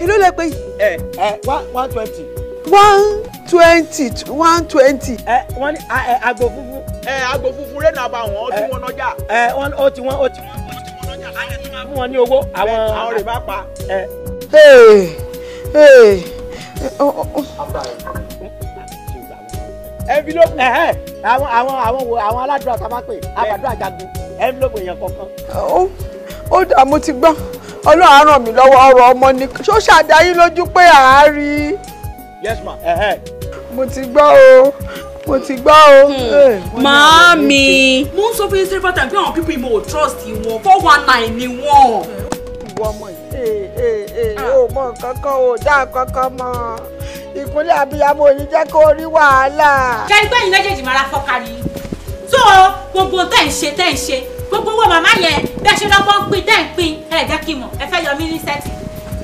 èló lẹ pé. ẹ ẹ one one twenty. one twenty one twenty. ẹ wọ́n ní àgbò funfun. ẹ àgbò funfun rẹ̀ náà bá wọn ó ti wọn lọ́jà. ẹ wọ́n ó ti wọn ó ti wọn ó ti wọn lọ́jà láyé tó máa fún wọn ní owó. àwọn àwọn rẹ̀ bá pa. ẹ ẹ envelope ẹ̀hẹ́ àwọn àwọn àwọn wo àwọn aládùúrà tá a bá pè àbàdùn àjàgbé envelope èèyàn kọ̀ọ̀kan ó dà mo ti gbọ́ ọlọ́run á ràn mí lọ́wọ́ ọ̀rọ̀ ọmọ ni ṣó ṣàdáyé lójú pé àá rí i. yes ma ẹ ẹ. mo ti gbọ́ o mo ti gbọ́ o. Hmm. màámi mo ń sọ fún yín several pé àwọn people mo ò trust wọn four one nine ni wọn. ìwọ ọmọ yìí ee ee ah. o mọ nǹkan kan o dá nǹkan kan mọ ìkúnlẹ̀ abiyamọ ò ní jẹ́ kó rí wàhálà. ṣe ẹgbẹ́ yìí méjèèjì máa ra fọ́kàrí so gbogbo tẹ̀ ń ṣe tẹ̀ ń ṣe gbogbo owó màmá yẹn bẹ́ẹ̀ ṣe lọ́gbọ́n ń pin tẹ́ ń pin ẹ jẹ́ kí n mọ̀ ẹ fẹ́ yọ mí ní sẹ́ẹ̀tì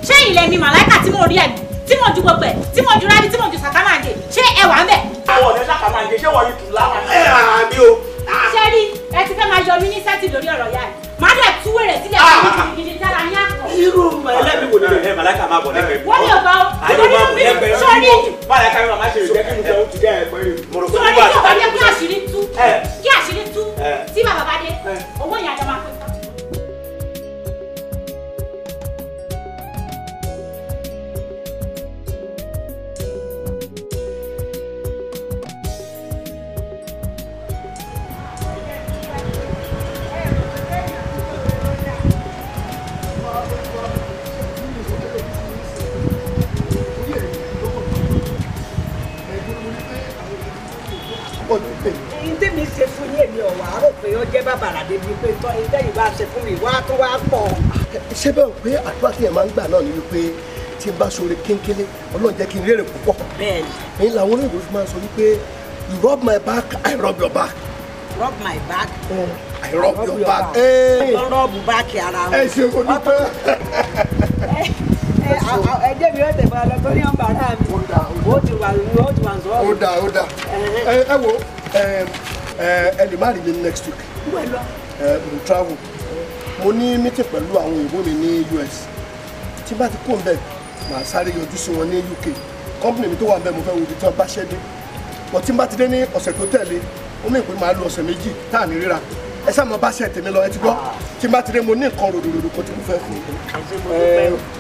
ṣé ilẹ̀ mi màláìkà tí mo rí ẹ̀mí tí mo ju gbogbo ẹ̀ tí mo ju rábí tí mo ju sàkámàǹdè ṣé ẹ wà ń bẹ̀. àwọn ọ̀dẹ́ sàkámàǹdè ṣé wọ́n yìí tù láwọn ẹ̀ ẹ̀ mi o. ṣé rí ẹ ti fẹ́ máa yọ mí ní sẹ́ẹ̀tì lórí ọ̀rọ̀ yá ẹ̀ máa dẹ̀ tú wèrè sílẹ̀ ah! fún mi kìkìkì dára ní àpò. irú ẹlẹ́mi kò ní bẹ̀rẹ̀ màláìkà máa bọ̀ lẹ́gbẹ̀ẹ́. wọ́n mi ò bá o torí inú bí sọ́ọ́rí. màláìkà mi máa ṣe o ti dẹ́ ẹ̀gbẹ́ rẹ̀. sọ́ọ́rí tó bá yẹ kí àṣírí tí bàbá bá dé owó ìyá jọ máa pín tí mi ṣe fún yín èmi ọ̀wà àárò pé ó jẹ́ bàbàrà débi pé tọ́ iṣẹ́ yìí bá ṣe fún mi wá tó wá pọ̀. ṣé bẹ́ẹ̀ pé àdúrà tí yẹn máa ń gbà náà ni wípé tí n bá ṣoore kéńkélé ọlọ́run jẹ́ kí n rérè púpọ̀. bẹ́ẹ̀ni. èyí làwọn olóyìnbó fi máa ń sọ wípé you rub my back I rub your back. rub my back. Mm, I rub, rub your, your back. ọlọ́run rọ́ọ̀bù báàkì ara wọn. ẹ ṣe kò ní ẹ jẹ́ mi ó tẹ̀ ọ lọ torí ọ̀bàrà mi. ó dà ó dà ó dà ó dà ó dà ẹ wo. Eh, eh, ẹ lè má rí mi next week eh, mo travel mo ní meeting pẹ̀lú àwọn òyìnbó mi ní US tí bá ti kó ń bẹ̀ màá sáré yọjú sí wọn ní UK company mi tó wà ń bẹ̀ mo fẹ́ wo ibi tí wọ́n bá ṣẹ́ dé wọ́n ti bá ti dé ní ọ̀sẹ̀ tó tẹ̀lé ó mì pé màá lo ọ̀sẹ̀ méjì tá à ní ríra ẹ sáàmọ bá ṣe tèmi lọ ẹ ti gbọ́ tí bá ti dé mo ní nǹkan ròdòdòdò kan tí mo fẹ́ fún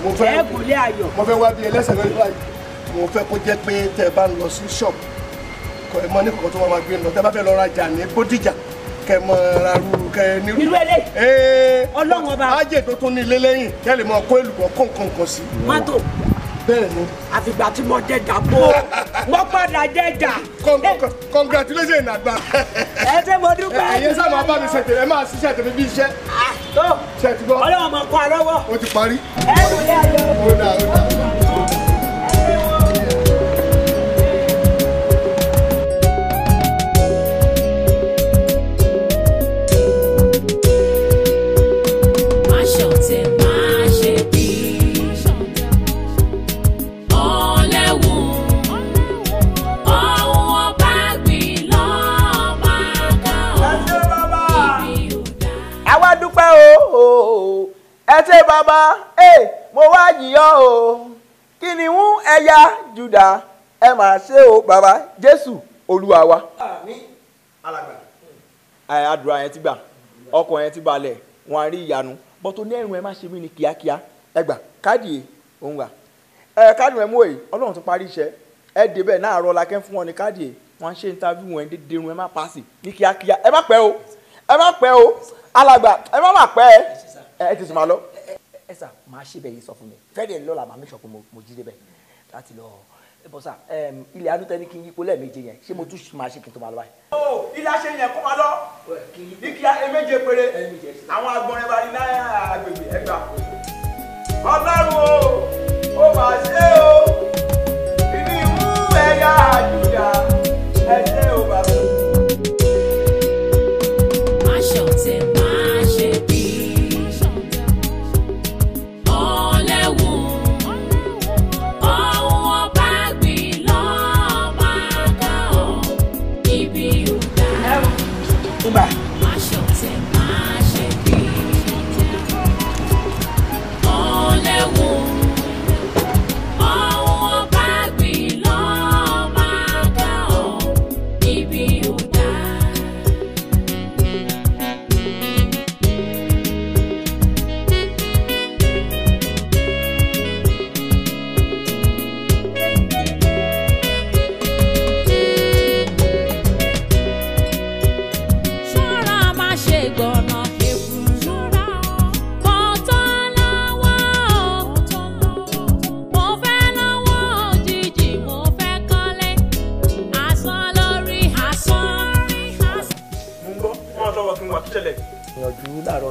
mo fẹ́ mo fẹ́ wá bí ẹlẹ́sẹ̀ lọ́dún báyìí mo fẹ́ kó jẹ́ pé tẹ́ ẹ bá ń lọ sí ṣọ́ọ̀bù ẹ mọ ní kọ̀ọ̀kan tó máa gbé lọ tẹ́ bá lọ rajà ní bódìjà kẹ mọ raru kẹ nírú. nírú ẹlẹ́ ọlọ́run ọba. ajé tó tún ní ilé lẹ́yìn kẹ́ lè mọ kó èlùbọ́ kó nǹkan kan sí. mọ́tò bẹ́ẹ̀ ni. àfìgbà tí mo jẹjà bó mo padà jẹjà. congratulations àgbà. ẹ ṣe mo dúpẹ́. ẹ̀yin sábà bá mi ṣètò ẹ máa ṣiṣẹ́ tèmi bí iṣẹ́. Ah, tó ọmọ kọ́ àlọ́wọ́. o ti parí. ẹ wò lé ayọ̀. o ẹtẹ Baba, ẹ mo wá yíyọ o kìnìún ẹ̀yà Júdà ẹ mà ṣe o bàbá Jésù Olúwa wa. àmín alàgbà. àdúrà yẹn ti gbà ọkọ yẹn ti balẹ̀ wọn á rí ìyanu bọ́tò ní ẹ̀rùn ẹ má ṣe mí ní kíákíá ẹ gbà káàdì yìí òun gbà ẹ káàdì rẹ mú èyí Ọlọ́run tó parí iṣẹ́ ẹ débẹ̀ náà rọra kẹ́ fún wọn ní káàdì yìí wọn á ṣe interview wọn ẹ dédé irun ẹ má paasi ní kíákíá ẹ má pẹ́ o ẹ má pẹ́ o alàgbà ẹ má má pẹ́ ẹ ẹ ti sùn máa lọ. ẹ sà máa ṣe bẹ́ẹ̀ yìí sọ fún mi fẹ́ẹ̀dẹ̀ lọ́la màmí sọ pé mo jí débẹ̀ láti lọ bọ́sà ilé anútẹ́ni kí n yípo lẹ́ẹ̀méje yẹn ṣé mo tún máa ṣe kí n tó máa lọ báyìí. ó ilé aṣẹ yẹn kó máa lọ ní kí ẹ̀ẹ̀méje péré àwọn agbọnrin wa ní náírà agbègbè ẹgbàá ọlọ́run o ó máa ṣe o ìní ìmú ẹ̀yà àjùjà ẹ̀ṣẹ̀ ò bàbá.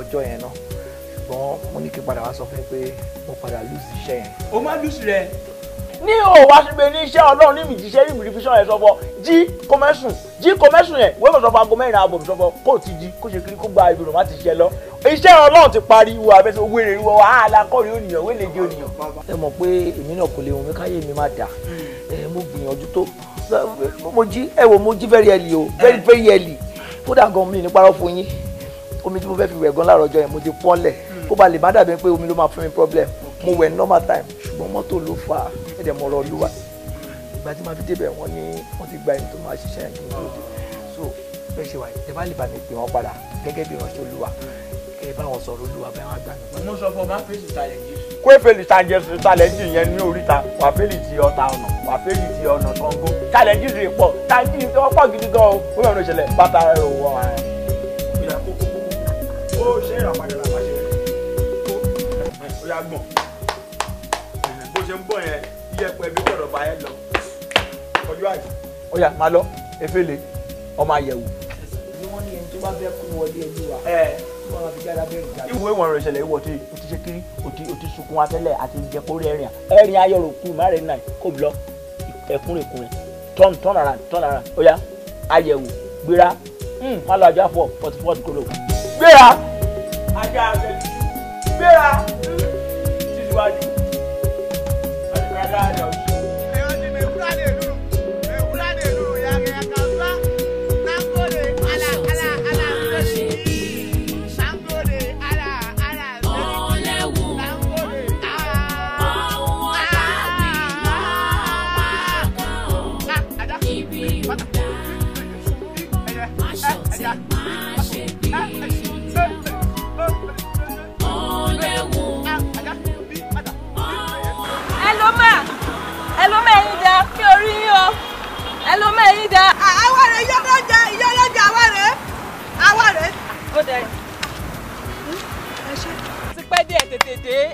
ọjọ́ yẹn náà ṣùgbọ́n mo ní kí n padà wá sọ fún yín pé mo padà lùsì iṣẹ́ yẹn. o máa lùsì rẹ. ní o wá síbi ní iṣẹ́ ọlọ́run ní mi jíṣẹ́ ní mi fíṣọ́ yẹn sọ́fọ́ jí kọmẹ́sùn jí kọmẹ́sùn yẹn wọ́n sọ fún aago mẹ́rin ààbọ̀ mi sọ́fọ́ kó o ti jí kó ṣe kiri kó gba ìbùdó má ti ṣiṣẹ́ lọ. iṣẹ́ ọlọ́run ti parí wo abẹ́sẹ̀ owó èrè wọ wàhálà kọ́rí ònìyàn wẹ́lẹ̀ di ònìyàn. ẹ mọ̀ pé èmi náà kò lè wọ̀n mi káyé mi má dà mo gbìyànjú tó mo jí ẹ wò mo jí very early o very very early kódà gan mi ní parọ́ yín omi tí mo fẹ́ fi wẹ̀ gan láàárọ̀ ọjọ́ yẹn mo ti pọ́nlẹ̀ kó hmm. ba lè má dàbí pé omi ló máa fún mi problem mo wẹ̀ normal time ṣùgbọ́n mọ́tò ló fa ẹ̀dẹ̀ mọ̀rọ̀ olúwa ìgbà tí màá fi débẹ̀ wọ́n ní wọ́n ti gba ẹni tó máa ṣiṣẹ́ yẹn kí n tó dé so bẹ́ẹ̀ ṣe wà yìí tẹ́ bá lè bá mi pè wọ́n padà gẹ́gẹ́ bí ìránṣẹ́ olúwa kẹ́ ẹ bá wọn sọ̀rọ̀ olúwa bẹ́ẹ̀ wọ́n gbà mí. mo sọ fún ọ máa fèsì sàlẹ̀ jù. kó èfèlì sàjẹsì sàlẹ̀jì yẹn ní oríta wà fèlì ti ọta ọ̀nà wà fèlì ti ọ̀nà sango sàlẹ̀jì rè pọ̀ sàlẹ̀jì rè pọ̀ gidi gan o ó bẹ̀rẹ̀ ló ṣẹlẹ̀ bàtà rẹ̀ ò wọ ààrẹ. ìyá kókó ó ṣe ìràpadà làwọn ṣe ó yá gbọ̀n bó ṣe ń bọ̀ yẹn iyẹ̀pẹ̀ bí gbọ́dọ̀ bá yẹn lọ ọjọ́ àjò. ó yá máa lọ efele ọmọ àyẹ̀wò. ni wọ́n ní ẹni tó bá fẹ́ kú wọlé ẹbí wa tó máa fi jára bẹ́ẹ̀ jáde. ìwé ìwọ̀n rẹ̀ ṣẹlẹ̀ ìwọ̀ tí o ti ṣe kiri o ti sunkún wa tẹ́lẹ̀ àti jẹ kó rí ẹ̀rìn ẹ̀rìn ayọ̀rọ̀ kú má rẹ̀ náà kò lọ ẹ̀kúnrẹ̀kúnrẹ̀ turn turn around turn around ó yá àyẹ̀wò gbéra hmm, má lọ àjọ àfọ̀ forty four kúrò gbéra ajá rẹ̀ gbéra títí wájú àti kàdá àjọ.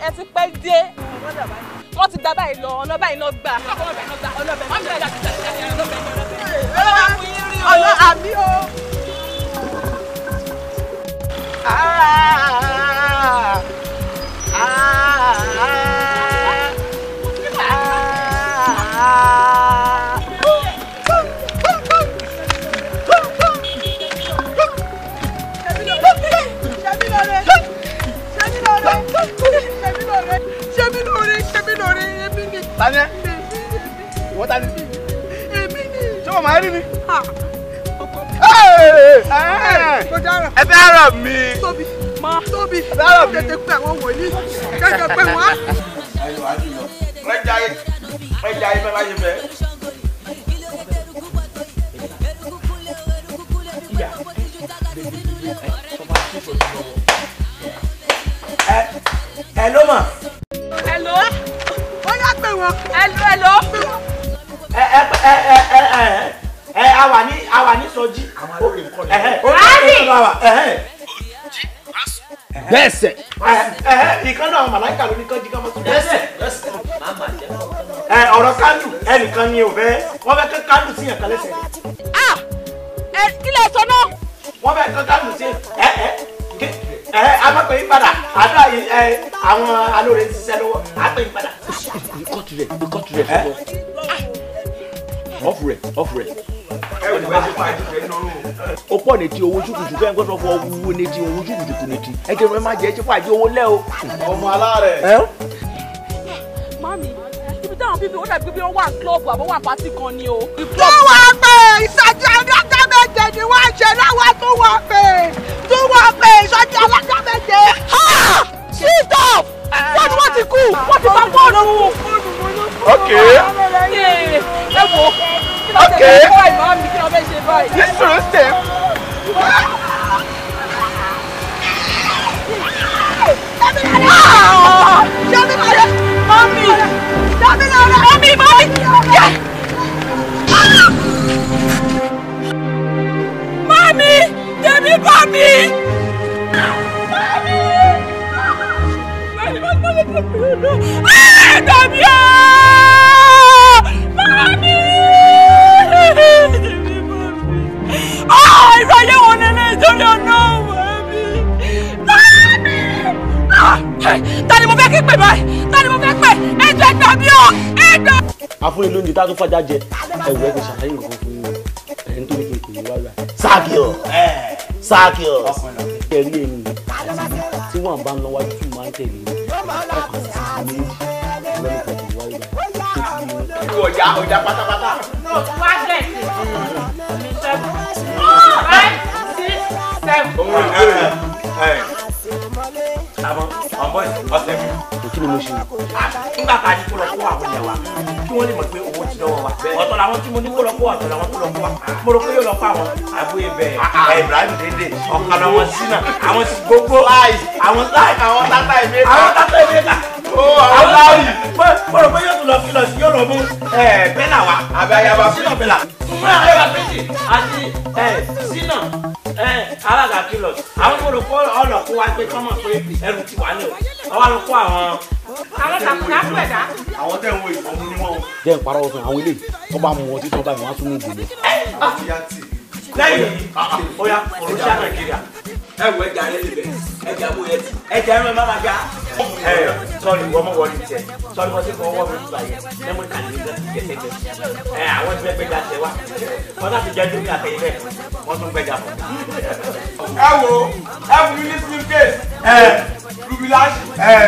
ẹ ti pẹ́ dé. wọ́n ti gba báyìí lọ ọ̀nà báyìí náà gbà. ọ̀nà báyìí náà gbà. ọ̀nà àmì o. Ah, ah, ah, ah. ta ni ẹ ìwọ ta ni ṣé wọn máa rí ni. ẹ fẹ́ ara mi. tóbi ma tóbi lára mi tètè pé àwọn wòlíì kẹ́kẹ́ pé wọ́n á. ayọ̀ wá jùlọ rẹ́jà yìí rẹ́jà yìí fẹ́ láyé fẹ́. ẹ ẹ ló mọ̀ ẹlò ẹlò. ẹ ẹ ẹ ẹ ẹ ẹ ẹ a wà ní a wà ní sọjí. àwọn alóore ń kọ́ ni. ráàdì bẹẹsẹ. ìkan náà màláìka ló ní kán jí kámọ́tò. bẹẹsẹ bẹẹsẹ máa ma jẹ. ẹ ọ̀rọ̀ kánú ẹnìkan ni ò fẹ́ wọ́n fẹ́ kán kánú sí ẹ̀kan lẹ́sẹ̀. a ẹ kí lè sọ náà. wọ́n fẹ́ kán kánú sí ẹ ẹ ẹ amákòye padà àdá àwọn alóore ti ṣiṣẹ́ lọ́wọ́ àpè ìpadà. ikọ́ tu rẹ̀ ikọ́ tu rẹ̀ fún ọ̀fù rẹ̀ ọ̀fù rẹ̀. o pọ̀ létí owó ṣùkùṣù fẹ́ gbọ́dọ̀ fọ owó létí owó ṣùkùṣù létí ẹ jẹ́ mẹ́rin má jẹ́ ṣé fàájì owó lẹ́ o. ọmọ aláàrẹ̀. mami ibi táwọn bíbí ó dàbí pé wọ́n wà club àbọ̀ wà kan ni o. tó wà pé ìsọjí alágbàmẹjẹ ni wọ́n ṣe lọ́wọ́ tó wà pé tó wà pé ìsọjí alágbàmẹjẹ shut up wọ́n ti wọ́n ti kú wọ́n ti bá fóònù. ok ẹ wo ok yíṣùrù ṣe. Mami! mommy. Mami! mommy. Mommy, Mami! Mami! dàbí ọ́ mami irú ayé wo lélẹ̀ sórí ọ̀nà mami mami ta ni mo fẹ́ kí pè báyìí ta ni mo fẹ́ pè ẹjọ́ ẹgbẹ́ mi ò ẹjọ́. àfúnni lóúnjẹ tá a tún fọjá jẹ ẹwọ ẹ kò ṣàlàyé nǹkan fún mi ẹni tó ní kí n kò ní wá rà. sáàkì ọ sáàkì ọ kẹrí ẹni tí wọn bá ń lọ wájú máa ń tẹ̀lé e ìlú ọjà ọjà pátápátá. wá bẹ̀ sí mi seven five six seven àbọ̀ ọ̀bọ̀ ọ̀sẹ̀ mi. kí ni mo ṣe. nígbà tá a ní kó lọ kó àwọn ilẹ̀ wa kí wọ́n lè mọ̀ pé owó ti dọ́wọ́ wa ọ̀tọ̀ làwọn tí mo ní kó lọ kó ọ̀tọ̀ làwọn kó lọ kó wa mo rò pé yóò lọ kó àwọn àbúyé bẹ́ẹ̀. Ah, ah, Ibrahim Dede ọ̀kadà wọn sínà àwọn ti gbogbo àwọn àwọn tata ìmẹ́ta. àwọn tata ìmẹ́ta. Oh, àwọn láàyè mo rò pé yóò tún lọ fi lọ sí yóò lọ mú bẹ́là wa àbí ayaba sínà bẹ́là. mo rà ayaba méjì àti sínà alága kìlọ̀ àwọn tó lò kó ọ̀nà kó wa pé kọ́mọ̀ pé ẹrù ti wà ní o àwa ló kó àwọn. àwọn tàkùnà pẹ̀dá. àwọn tẹ̀ ń wo ìbọn mú ní wọn. jẹ́ ń parọ́ fún àwọn eléyìí tó bá mú wọn títọ́ báyìí wọ́n á tún mú ìbò lọ. lẹ́yìn ọ̀ya òrùsí àná ẹ wo ẹja yẹn níbẹ̀ ẹja wo yẹn ti ẹja yẹn mẹ́ma ma já. ẹ sọrí wọ́n mọ̀ wọ́n mi tiẹ̀ sọrí wọ́n ti fọ ọwọ́ mi gbà yẹn ẹ mọ̀ tàbí ní ẹsẹ̀ tẹ̀ ẹ àwọn tí wọ́n gbẹja tẹ̀ wá wọ́n láti jẹ́ dúró àtẹ̀yìn bẹ́ẹ̀ wọ́n tún gbẹja fún. ẹ wo ẹ fún mi ní slim case ẹ rubilashi ẹ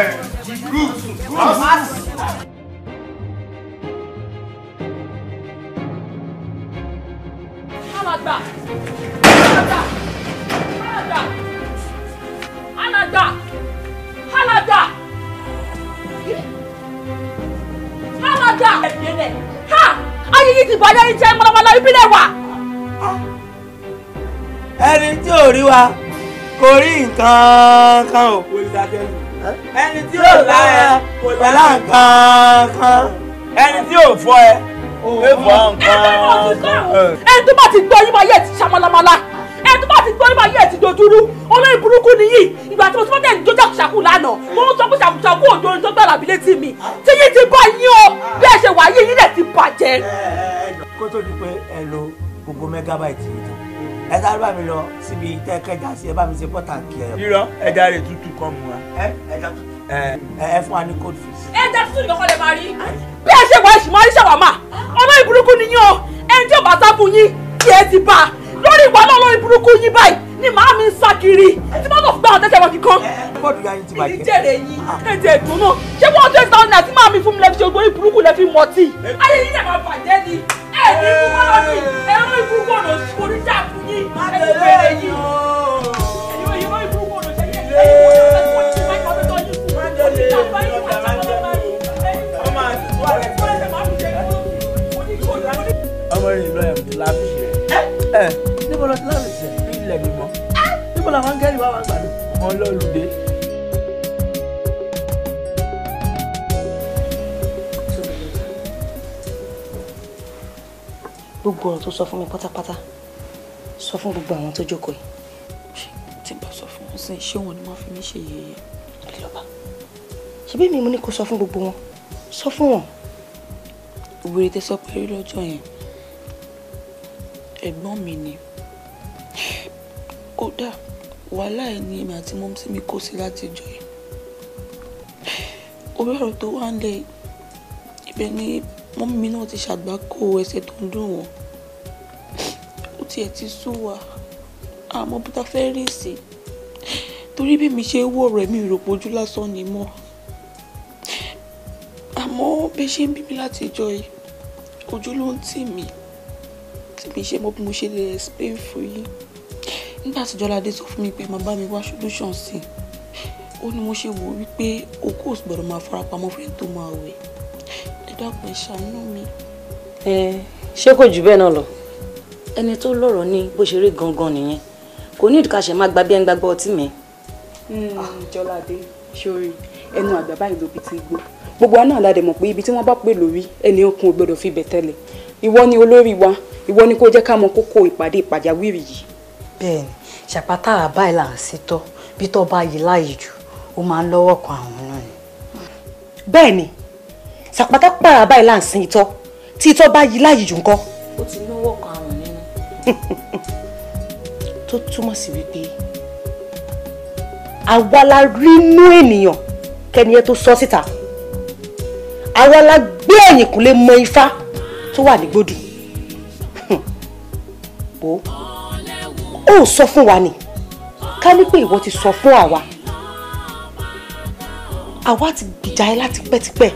root Come on, Alàgbà! ẹni tí ò rí wa kò rí nǹkan kan o. ẹni tí ò lá ẹ kò lá nǹkan kan. ẹni tí ò fọ ẹ ò fọ nǹkan kan. ẹni tó bá ti gbọ́ yín máa yẹ ti ṣamọ́lámọ́lá ẹ tó bá ti gbọ́ nípa ayé ẹ̀ ti dojúrú olórí burúkú nìyí ìgbà tí mo ti fọ́tẹ̀ ìjọ ṣàkúṣàkú lánàá mo ń sọ pé ṣàkúṣàkú òjò orin tó gbà lábí létí mi tí yìí ti bá yín o bí ẹ ṣe wà yín yín dẹ̀ ti bàjẹ́. kó tó di pé ẹ lo gbogbo mẹgàbáìtì yìí tán ẹ sáré bá mi lọ síbi tẹ́kẹ́jà sí ẹ bá mi ṣe pọ́tàkì ẹ. rírọ ẹja rẹ tútù kan mu wa. ẹ ẹja tútù ẹ ẹ fún wa ní cold fish. ẹ jẹ́ tuntun nìkan lè máa rí. bí ẹ ṣe wá ìṣìmọ́ rí o ẹni tí ò lórí ìwà náà lórí burúkú yín báyìí ni màá mi ń sá kiri tí mọ́tò fún gbàgbọ́ tẹ́tẹ́ wọn kíkan. ìjẹ́rẹ̀ yìí ẹ̀jẹ̀ ìdùn náà ṣé wọ́n tẹ́ sáwọn náà tí màá mi fún mi lẹ́fi ṣe ogbó ìburúkú lẹ́fi mọ́ tí. ayé yín lè máa bàjẹ́ ni ẹ̀ ní ìfúnpá lọ́dún ẹ̀rọ ìburúkú ọ̀nà orí dàkú yín ẹ̀jẹ̀ yìí. ẹ̀yọ́ ìburúkú ọ̀nà ṣẹ́yìn níbo lọ ti lọ́ọ̀lù sí ẹ̀ bí ilẹ̀ mímọ́ níbo làwọn gẹ́rì wá wà gbàdú mọ́ lọ́ọ̀lù dé. gbogbo ọ̀rọ̀ tó sọ fún mi pátápátá sọ fún gbogbo àwọn tó jókòó yìí. tí bá sọ fún wọn sí ṣé wọn ni wọn fi mí ṣe yẹ̀yẹ́. àdìlọ́ba ṣebí mi mo ní kó sọ fún gbogbo wọn sọ fún wọn. ìwé tẹ sọ pé rí lọ́jọ́ yẹn ẹ̀gbọ́n mi ni kódà wàhálà ẹ̀ ni èmi àti mọ́mísí mi kó sí látijọ́ yìí orí ọ̀rọ̀ tó wà nílẹ̀ ibẹ̀ ni mọ́mí mi náà ti ṣàgbákò ẹsẹ̀ tó ń dùn wọ́n ó tiẹ̀ ti sú wa àmọ́ bí ta fẹ́ rìn sí torí bí mi ṣe wò rẹ̀ mi rò pójú lásán ni mọ́ àmọ́ bí ṣe ń bí mi látijọ́ yìí ojú ló ń tì mí tí mi ṣe mọ̀ bí mo ṣe lè explain fún yín nígbà tí Jọládé sọ fún mi pé máa bá mi wá solution sí i ó ní mo ṣe wò wípé okó òsì gbọ́dọ̀ máa fara pamọ́ fẹ́ tó máa wẹ̀ ẹ dákun ẹ ṣàánú mi. ẹ ṣé kò jù bẹ́ẹ̀ náà lọ ẹni tó lọ́rọ̀ ní bó ṣe rí gangan nìyẹn kò ní ìdíkàṣẹ máa gba bí ẹni gbàgbọ́ ọtí mi. Hmm, Jọládé ṣorí ẹnu àgbà báyìí ló fi ti gbó gbogbo àná aládẹ mọ̀ pé ibi tí wọ́n bá pè lórí ẹni okun ò gbọ́dọ̀ fi bẹ̀ tẹ́lẹ̀ ìwọ ni olórí wa ìwọ ni kó jẹ́ ká mọ kókó ìpàdé ìpàjáwìrì yìí bẹ́ẹ̀ ni ṣàpátá àbá ìlà ń sítọ́ bí tó bá yí láàyè jù ó máa ń lọ́wọ́ kan àwọn náà ni. bẹ́ẹ̀ ni ṣàpátá pàrà bá ìlà ń sin itọ́ tí itọ́ bá yí láàyè jù ńkọ́. ó ti lọ́wọ́ kan àwọn nínú. tó túmọ̀ sí wípé àwa la rínú ènìyàn kẹ́ni yẹn tó sọ síta àwa la gbé ẹ̀yìnkùlé mọ ifá tó wà nígbòdù. 不。ó sọ fún wa ni ká ní pé ìwọ ti sọ fún àwa àwa ti gbìjà ẹ láti pẹ́tipẹ́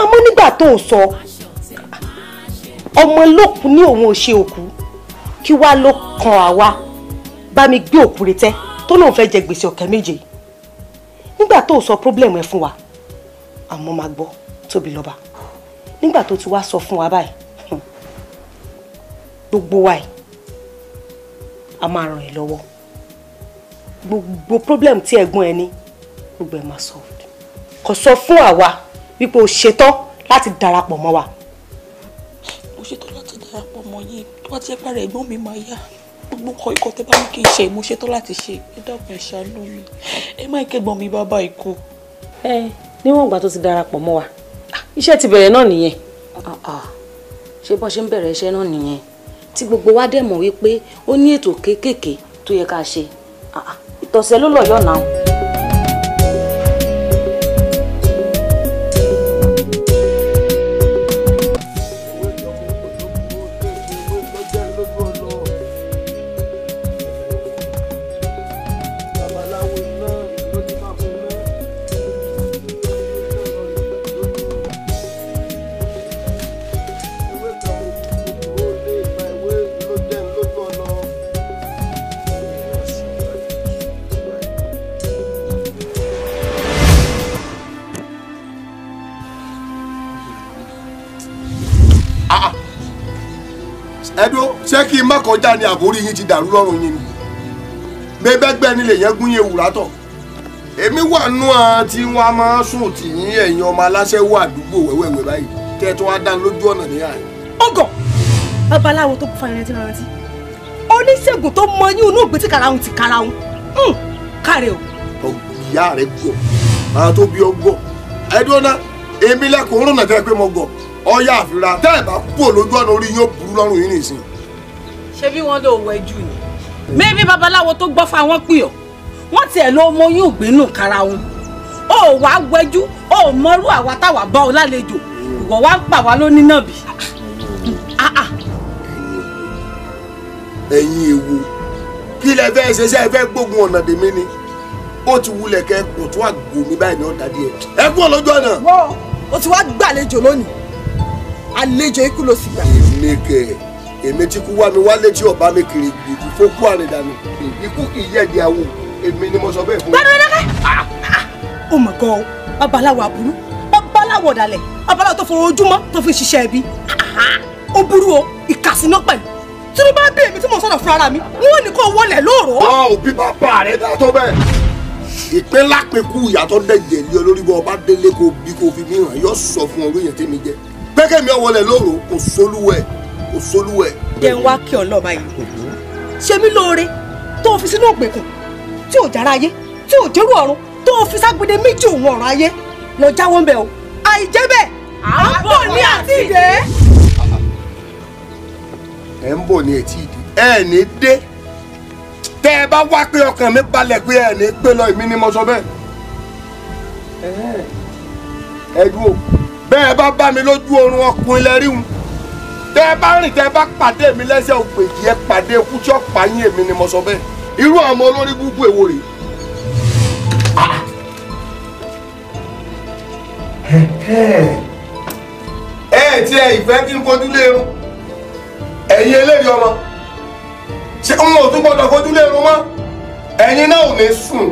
àmọ́ nígbà tó ń sọ ọmọ lókù ní òun ò ṣe òkú kí wàá ló kan àwa bá mi gbé òkú retẹ́ tó lóun fẹ́ jẹ gbèsè ọ̀kẹ́ méje nígbà tó sọ problem ẹ fún wa àmọ́ máa gbọ́ tóbi lọ́ba nígbà tó ti wá sọ fún wa báyìí gbogbo wa yìí a máa ràn ẹ́ lọ́wọ́ gbogbo problem tí ẹ̀gbọ́n ẹ ní gbogbo ẹ̀ máa solve kò sọ fún àwa wípé o ṣetán láti darapọ̀ mọ́ wa. mo ṣetán láti darapọ̀ mọ́ yín tó bá ti ẹ́ pàrọ̀ ẹ̀gbọ́n mi máa yá gbogbo kọ ikọ̀ tẹ́ bá ní kí n ṣe mo ṣetán láti ṣe ẹ dákun ẹ ṣàánú mi ẹ má kẹ́gbọ́n mi bàbá ikú. ẹ níwọ̀n ìgbà tó ti darapọ̀ mọ́ wa ah, iṣẹ́ ti bẹ̀rẹ̀ náà nìyẹn ah, ah, ṣé bọ́ ṣe ń bẹ̀rẹ̀ iṣẹ́ náà nìyẹn tí gbogbo wa dẹ̀ mọ̀ wípé ó ní ètò kéékèèké tó yẹ ká ṣe ah, ah, ìtọ̀sẹ̀ ló lọ́yọ̀ náà. jẹ́ kí n má kọjá ni àbórí yín ti dàrú lọ́rùn yín ni bẹ́gbẹ́gbẹ́ ni lèyẹn gún yẹn wùrà tọ̀ èmi wà nù ọ́n tí wọ́n á máa sùn tì yín ẹ̀yin ọmọ aláṣẹ́wó àdúgbò wẹ́wẹ́wẹ́ báyìí kẹ́ ẹ tó wá dá lójú ọ̀nà ní àyè. ọgọ babaláwo tó kún fún ẹrẹtí rántí oníṣègùn tó mọ ní inú ògbésí karahun ti karahun hmm, káre o. ìyá rẹ gbọ́ àwọn tó bí ọ gbọ́ ẹdúnà èmi lẹkùn rúnà tẹ pé mo gbọ́ ọyá àfira tẹ ẹ bá kú òlójú ọ̀nà orí yín ó burú lọ́rùn yín nìsín ṣé bí wọ́n lò wẹ́ jù ni. mẹ́bí babaláwo tó gbọ́ fáwọn pìyọ̀ wọ́n tiẹ̀ ló mọyún ìgbínú kara wọn. ó wàá wẹjú ó mọrú àwa táwa bá ọ lálejò ìwọ wá ń pa wá lónìí náà bì. Ah, ah. ẹ̀yin èwo kí lẹ fẹ́ ṣe ṣe ẹ fẹ́ gbógun ọ̀nà dèmi ni ó ti wulẹ̀ kẹ́ kò tún àgbo mi báyìí ni ó dàdí ẹ ẹ kú ọlọ́jọ́ náà. wọ́n o ti wá gbàlejò lónìí àlejò ikú ló sì gbà. èmi kẹ́ ẹ̀ èmi tí kú wá mi wá létí ọba mi kiri gbìyànjú fó kú àrìndàmì ikú awo èmi ni mo sọ bẹ́ẹ̀ fún. gbẹdúrà dákẹ́. ó mà gọ babaláwo aburú babaláwo ọ̀dàlẹ̀ babaláwo tó fọwọ́ ojúmọ́ tó fi ṣiṣẹ́ ẹbí ó burú o ìkàsínà pẹ̀lú tí mo bá bẹ̀ èmi tí mo sọ̀rọ̀ fún ara mi wọ́n ní kó wọlé lóòrò. ọ òbí bàbá rẹ dá tó bẹ́ẹ̀ ìpín lápẹkù ìyàtọ̀ dẹ̀jẹ̀ ní olórí bọ́ ọba délé kò bí kò fi mí hàn yọ sọ fún ọlóyè tèmi jẹ gbẹ́kẹ̀mí ọwọ́lẹ̀ lóòrò kò sólúwẹ̀ẹ́ kò sólúwẹ. jẹ́ ń wá kí ọ lọ́ba yìí ṣe mí lóore tó o fi sínú ògbèkùn tí ò jára ayé tí ò jẹ́rú ọ̀run tó o fi ságbede méjì òun ọ̀rọ̀ ayé lọ jáwọ́ ń bẹ̀ o àìjẹ́ bẹ́ẹ̀ à ń bọ̀ ní àti ìdè. ẹ ń bọ̀ ní etí ìdè ẹ ní dé tẹ ẹ bá wá pé ọkàn mi balẹ̀ pé ẹ ní gbé lọ èmi ni mo sọ bẹ́ẹ̀ ẹ dúró bẹ́ẹ̀ bá bá mi lójú oorun ọkùnrin lẹ́rìí tẹ ẹ bá rìn tẹ ẹ bá pàdé mi lẹ́sẹ̀ òpèjì ẹ pàdé ikú tí ọ̀pá yín èmi ni mo sọ bẹ́ẹ̀ irú àwọn olórí gúgú èwo rèé. ẹ ẹ tí ẹ kí n kojúlé irun ẹ̀yin eléyìí ọmọ ṣé n ò tún gbọdọ̀ kojúlé irun mọ́ ẹ̀yin náà ò ní sùn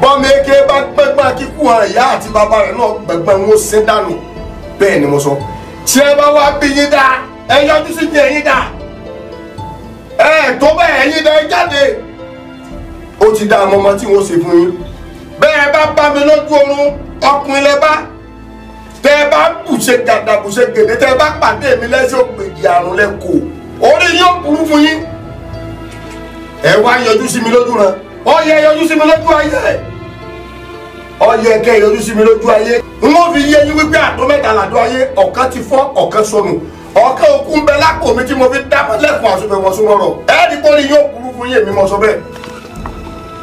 bọ́mọ eke bá gbẹ́gbẹ́ kíkú ìyá àti bàbá rẹ̀ náà gbẹ̀gbẹ́ wọn ó sin dànù bẹ́ẹ̀ ni mo sọ. So tí ẹ bá wá bí yín dá ẹ yọjú sí bí ẹyin dá ẹ tó bẹ́ẹ̀ ẹyin dá ẹ jáde ó ti dá ọmọ tí wọ́n ṣe fún yín bẹ́ẹ̀ bá bá mi lójú oorun ọkùnrin lẹ bá tẹ ẹ bá bùṣe dàdà bùṣe gèdè tẹ ẹ bá pàdé mi lẹ́sẹ̀ ògbèjì àrùn lẹ́kọ̀ọ́ orí yóò burú fún yín ẹ wá yọjú sí mi lójú rẹ ó yẹ yọjú sí mi lójú ayé ọyẹ kẹ yọjú sí mi lójú ayé n ó fi yé yín wípé àdó mẹ́ta làdó ayé ọ̀kan ti fọ́ ọ̀kan sọnù ọ̀kan òkú ń bẹ lápò mi tí mo fi dá lẹ́kùn àṣùfẹ́ wọn súnmọ́ rọ ẹ́ẹ́dì pọ́lì yóò burú fún yèmí mọ́ sọ bẹ́ẹ̀.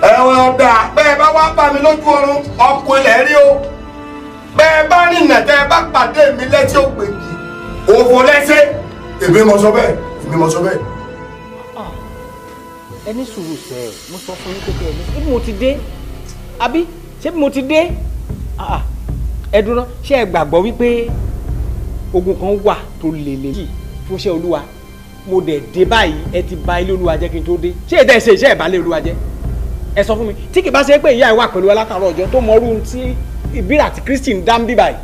ẹ̀wọ̀n ọ̀dà bẹ́ẹ̀ bá wá bá mi lójú ọrùn ọkọ̀ ilẹ̀ rí o bẹ́ẹ̀ bá rìnà tẹ́ bá pàdé mi létí ògbèjì òfò lẹ́sẹ̀ èmi mọ́ sọ bẹ́ẹ̀ èmi mọ́ sọ bẹ́ẹ̀. Ah, ẹni sùúrù sẹ́ẹ̀ mo sọ fún yín pé kẹ́ ẹ̀ ní mo ti dé àbí ṣé mo ti dé ah, ẹ dúró ṣé ẹ gbàgbọ́ wípé ogun kan wà tó lélẹ̀ yìí fún ṣẹ́ olúwa mo dẹ̀ dé báyìí ẹ ti bà ilé olúwa jẹ́ kí n tó dé ṣé èdè ṣe iṣẹ́ ìbálẹ̀ olúwa jẹ́ ẹ sọ fún mi tí kì bá ṣe pé ìyá ẹ wà pẹ̀lú alátàrọ̀ ọjọ́ tó mọrú tí ìbílẹ̀ àti kristi ń dá ń bí báyìí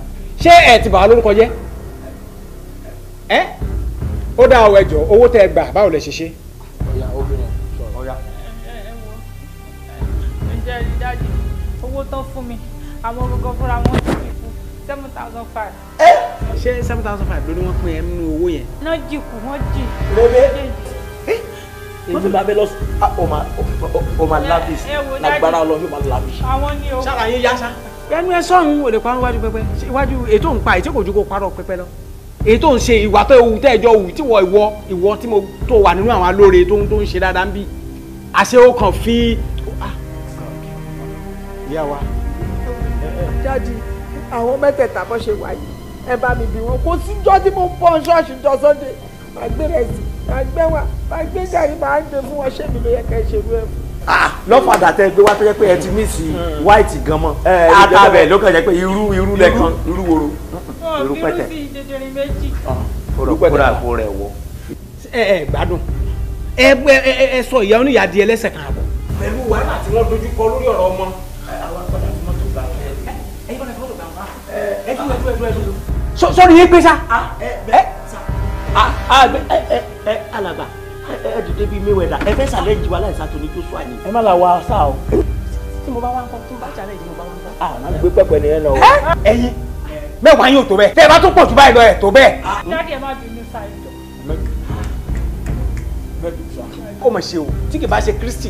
ṣé ẹ ti bà wá lórúkọ jẹ́ ẹ ó dá ọ ẹjọ́ owó tẹ ẹ gbà báwo lẹ ṣe ṣe. go owó tán fún mi àwọn gbogbo fúnra wọn ti jìkú seven thousand five. ẹ ṣé seven thousand five ló ní wọ́n pín ẹ nínú owó yẹn. náà jìkú wọ́n jì. rẹ́rẹ́ èmi bá bẹ lọ ọmọ ah, lavish lágbára ọlọ́run ọmọ lavish. àwọn ni o. sára yín yá sá. ẹnu ẹ sọ̀rùn ò lè parọ́ iwájú pẹpẹ iwájú ètò ń pa It's kò ju kó parọ́ pẹpẹ lọ ètò ń ṣe ìwà tó ewu tẹ́ẹ̀jọ́ wù tí wọ́n ìwọ ìwọ tí mo tó wà nínú àwọn alóore tó ń ṣe dáadáa ń bí àṣẹ ó kàn fi ah ìyá wa. jáde àwọn mẹ́tẹ̀ẹ̀ta bó ṣe wáyé ẹ bá mi bí wọn kò síjọ́ tí mo bọ́ ṣọ́ọ̀ṣì jọ sunday máa gbé rẹ̀ sí máa gbé wá máa gbé jàre máa ń gbé fún wọn ṣé mi ló yẹ ká ẹ ṣe rú ẹ fún ah, lọ́fàdà tẹ gbé wá tó jẹ́ pé ẹ ti mí sí white gan mọ́ àtàbẹ̀ ló kàn jẹ́ pé irú irú lẹ́kan irú woro irú pẹ̀tẹ̀ kóra ah, kó rẹ̀ wọ. ẹ ẹ gbádùn ah. ẹ ẹ sọ ìyá oníyàá di ẹlẹ́sẹ̀ kan àbọ̀. pẹ̀lú wàhálà tí wọ́n dojú kọ lórí ọ̀rọ̀ ọmọ sọ́ọ́rì yín gbé sá. alàgbà ẹ dìde bíi mẹ́wẹ̀dà ẹ fẹ́ sàlẹ̀ jìwà láìsá tó ní Joshua ni. ẹ má la wa sá o. tí mo bá wá ń kọ́ tó bá jalè tí mo bá wá ah, ń kọ́. a máa gbé pẹ́pẹ́ ni ẹ lọ. Eh? ẹyin mẹ́wàá yóò tó bẹ́ẹ̀ tẹ́ ẹ bá tún pọ̀ jù báyìí lọ ẹ̀ tó bẹ́ẹ̀. dáàdì ẹ má bínú sáré jọ. kó mọ̀ ṣe o tí kì bá ṣe Kristi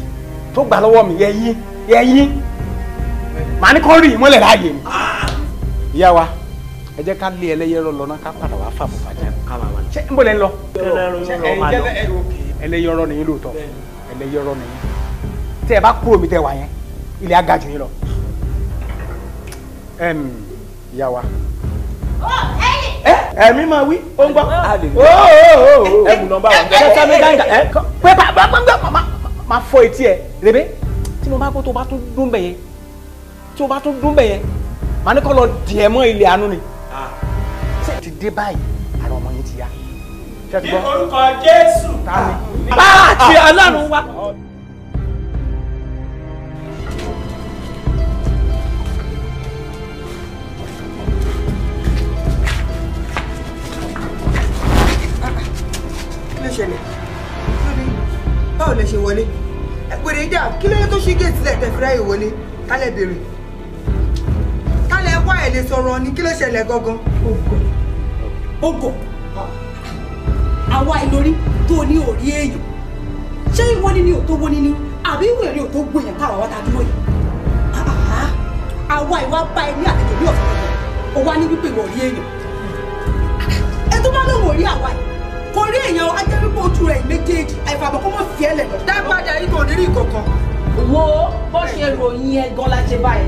tó gbà lọ́wọ́ mi yẹ yín yẹ yín màá ní kọ́ rí ìmọ́lẹ̀ láàyè mi. ìyá wa ẹ jẹ́ ká lé ẹlẹ́yẹrọ lọ náà ká padà wá fàbọ̀ fàjà. ṣé ń bọ̀ lẹ́ ń lọ. ẹlẹ́yẹrọ nìyí lóòótọ́ ẹlẹ́yẹrọ nìyí tẹ́ ẹ bá kúrò mi tẹ́ wà yẹn ilé á ga jù yín lọ. ìyá wa mi máa wí ó ń gbọ́ ẹ̀mú nọ́mbà wa kẹ́kẹ́ mi dáńgá ẹ̀ pé máa fọ etí ẹ̀ rèébé tí mo bá kó tó bá tún dún bẹ̀ yẹn tí o bá tún dún bẹ́yẹn màá ní kọ́ lọ dìẹ̀ mọ́ ilé àánú ni. ṣé ti dé báyìí àrà ọmọ yẹn ti yá. ní orúkọ Jésù. bá a ti aláàánú wa. báwo lè ṣe wọlé ẹ̀pẹ̀rẹ̀ ìjà kí ló yẹ tó ṣí géètì lẹ́ẹ̀tẹ̀ fúráì wọlé kálẹ̀ béèrè kálẹ̀ wá ẹ̀ lè sọ̀rọ̀ ní kí ló ṣẹlẹ̀ gangan. ògò ògò àwa ìlórí tó ní òrí èèyàn ṣé ìwọ ni ni ò tó wó ni ni àbí ìwọ ni ò tó gbìyàn táwa wá ta dúró yìí àwa ìwà bá ẹ ní àtẹ̀tẹ̀ ní ọ̀sán o wá ní wípé ìwọ rí èèyàn ẹ tó bá lóun ò rí àwa yìí kò rí èèyàn ajẹ́ wípé ojú rẹ̀ méjèèjì àìfàbọ̀ kó mọ̀ fi ẹ̀ lẹ̀ lọ. dá padà ikọ̀ nírí ìkọ̀kan wo bó ṣe ròyìn ẹ gan la ṣe báyìí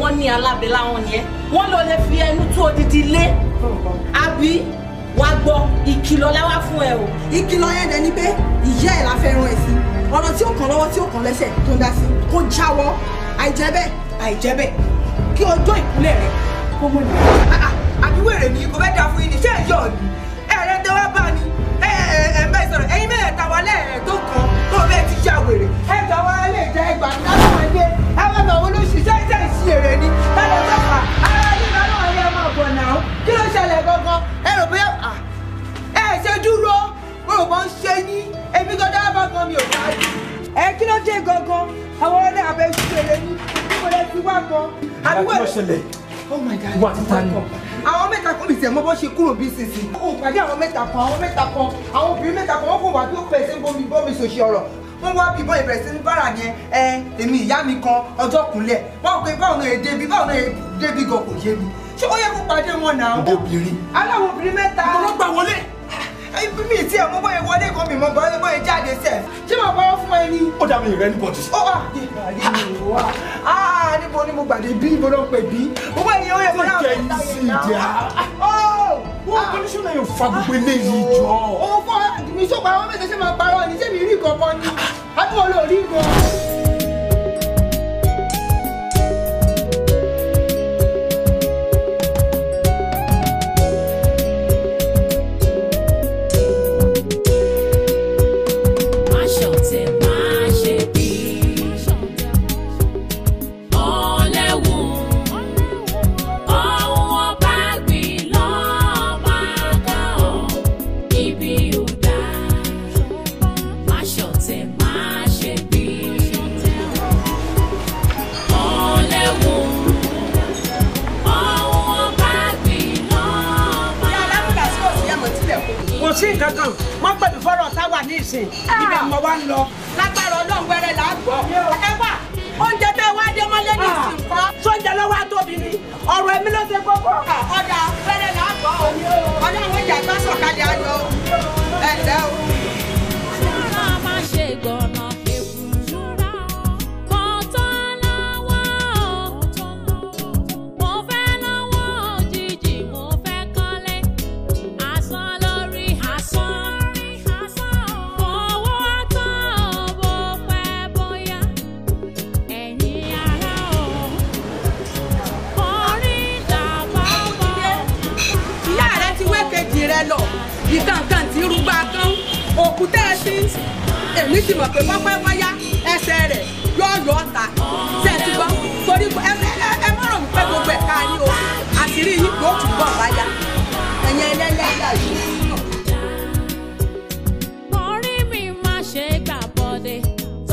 wọ́n ní alábẹ láwọn yẹn wọ́n lọ lè fi ẹnu tó odidi lé àbí wá gbọ́ ìkìlọ̀ láwá fún ẹ o. ìkìlọ̀ yẹn dẹ ni pé ìyá ẹ la fẹ́ràn ẹ sí ọ̀rọ̀ tí ó kàn lọ́wọ́ tí ó kàn lẹ́sẹ̀ tó ń dá sí kó jáwọ́ àìjẹ́bẹ̀ àìjẹ́bẹ̀ kí ọjọ́ ìkúlẹ̀ rẹ kó mọ̀ ní. Ah, ah, àbí wèrè ni kò fẹ́ dà fún yín ní ṣé ẹ̀yọ́ ni ẹ̀rẹ́ tẹ́wọ́ bá ni bẹ́ẹ̀ sọ̀rọ̀ ẹ̀yin mẹ́ẹ̀ta wà lẹ́ẹ̀ẹ́dọ́ kan tó bẹ́ẹ̀ ti ya wèrè ẹ̀gbà wa lè jẹ́ ẹgbà lásìmọ̀dé ẹ̀wọ̀n àwọn olóṣìṣẹ́ ìṣe ìṣiyèrè ni ẹ̀rọ mẹ́fà ah, ara ní ìbálò ayé ọmọ ọ̀bọ̀ náà kí ló ṣẹlẹ̀ gangan ẹ̀rọ bóyá ah, ẹ̀ ṣe dúró bóyá wọ́n ń ṣe yín èmi gan dábàá gan mi ò bá rí ẹ kí ló dé gangan àwọn ọlẹ́ àbẹ̀ṣiṣẹ́ oh my god wà á tani àwọn mẹ́ta kan bìtì ẹ̀ mọ́ bọ́ ṣe kúrò bí sísìn kò pàdé àwọn mẹ́ta kan àwọn mẹ́ta kan àwọn obìnrin mẹ́ta kan wọ́n kò wá bí ó pẹ̀ sí bómi bómi sòṣì ọ̀rọ̀ wọ́n wá bíbọn ìbẹ̀rẹ̀ sí ní bára yẹn ẹ èmi ìyá mi kan ọjọ́ kúnlẹ̀ wọ́n pe báwọn náà débi báwọn náà débi gan kò yé mi ṣé ó yẹ kó pàdé wọn náà. obìnrin aláwọ̀ obìnrin mẹ́ta. mo ló gbà mi ti ẹ̀ mọ́ bọ́ yẹn wọlé kan mi mọ́ bọ́ yẹn bọ́ yẹn jáde sẹ̀. ṣé màá parọ́ fún ẹ ni. ó dà mí ìrẹ́ ní bọ́dì. ó wà ní ah, ah, níbo ni mo gbàdé bí ibo náà pè bí. owó ìyẹn ó yẹ kó náà fẹ́ láyé náà. wọ́n kọ́ ní ṣọ́nà yóò fa gbogbo eléyìí jọ. òun fọ́ mi àwọn mẹ́ta máa parọ́ ni ṣé mi rí nǹkan kan ni àbí wọn lò kankan wọ́n pè mí fọ́rọ̀ táwa ní ìsìn ah. ibẹ̀ mọ̀ wá ń lọ lágbára ọlọ́run wẹ́rẹ́ là á gbọ́ ẹ wà oúnjẹ tẹ wá dé mọ́lẹ́ ní ìsìn ah. kọ́ sóúnjẹ lọ́wọ́ àtòbí ni ọ̀rọ̀ èmi ló ṣe kókó ah. ọ̀dà wẹ́rẹ́ là á gbọ́ ọ̀dà ìjà gbà sọ̀kalẹ̀ ayọ̀ ẹ̀lẹ́ o. òkú tẹ́ ẹ sí èmi ti mọ̀ pé pápá wáyá ẹsẹ̀ rẹ̀ yóò yọ ọ̀tà tẹ́ ẹ ti gbọ́ torí ẹ mọ̀ràn mi pé gbogbo ẹ̀ka ni o àṣírí yìí kò tún bọ̀ wáyá ẹ̀yẹn ẹlẹ́lẹ́yà yìí.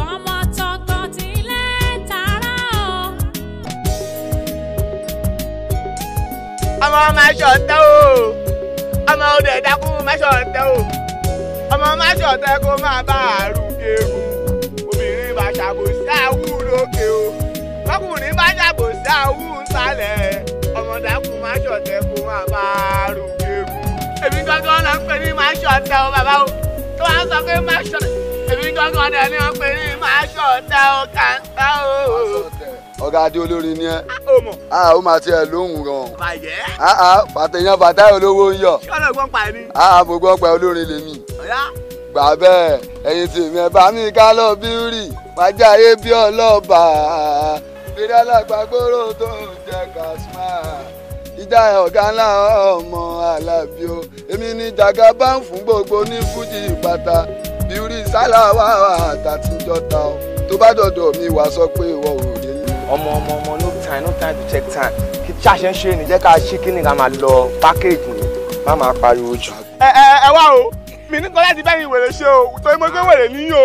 ọmọ ọmọ aṣọ ọ̀tẹ́ o ọmọ ọdẹ dákú ọmọ aṣọ ọ̀tẹ́ o ọmọ máṣọ̀tẹ́ kó má bá àrùn kéwù obìnrin bá ṣàbòsí àwù lókè o ọkùnrin bá ṣàbòsí àwù nsàlẹ̀ ọmọdàkùn máṣọ̀tẹ́ kó má bá àrùn kéwù. èmi gbọ́dọ̀ náà ń pè ní máṣọ̀tẹ́ o bàbá o tó wàá sọ pé máṣọ̀tẹ́ èmi gbọ́dọ̀ náà ni wọ́n pè ní máṣọ̀tẹ́ o kàńtà o ọ̀gá adé olórin ni ẹ. o ah, mọ̀. a ah, ó máa tiẹ̀ lóhùn gan. bàjẹ́. àà ah, bàtẹ̀yàn bàtà olówó ń yọ. ṣọ́nà gbọ́n pa ẹ ní. àà mo gbọ́n pa olórin lèmi gbà bẹ́ẹ̀ ẹ̀yin tí mi ẹ̀ bá mi ká lọ bíúrì májá ayé bí ọlọ́ba ìrírí alágbàgbóró tó ń jẹ kásmá ìjà ọ̀gá ńlá ọmọ alábí o èmi ní jàgá bá ń fún gbogbo ní fújì pátá bíúrì sálàwà àtàtúnjọta o tó bá dọ̀dọ̀ mi wá sọ pé ìwọ ò rí mi. ọmọ ọmọ ọmọ no time no time to check time kí ṣàṣẹ ń ṣe ni jẹ́ ká ṣí kíni ká máa lọ pákéèjì má máa pariwo jù. ẹ ẹ ẹ wá o mi ní kan láti bẹ́yìn wèrè ṣe o torí mo gbé wèrè níyìn o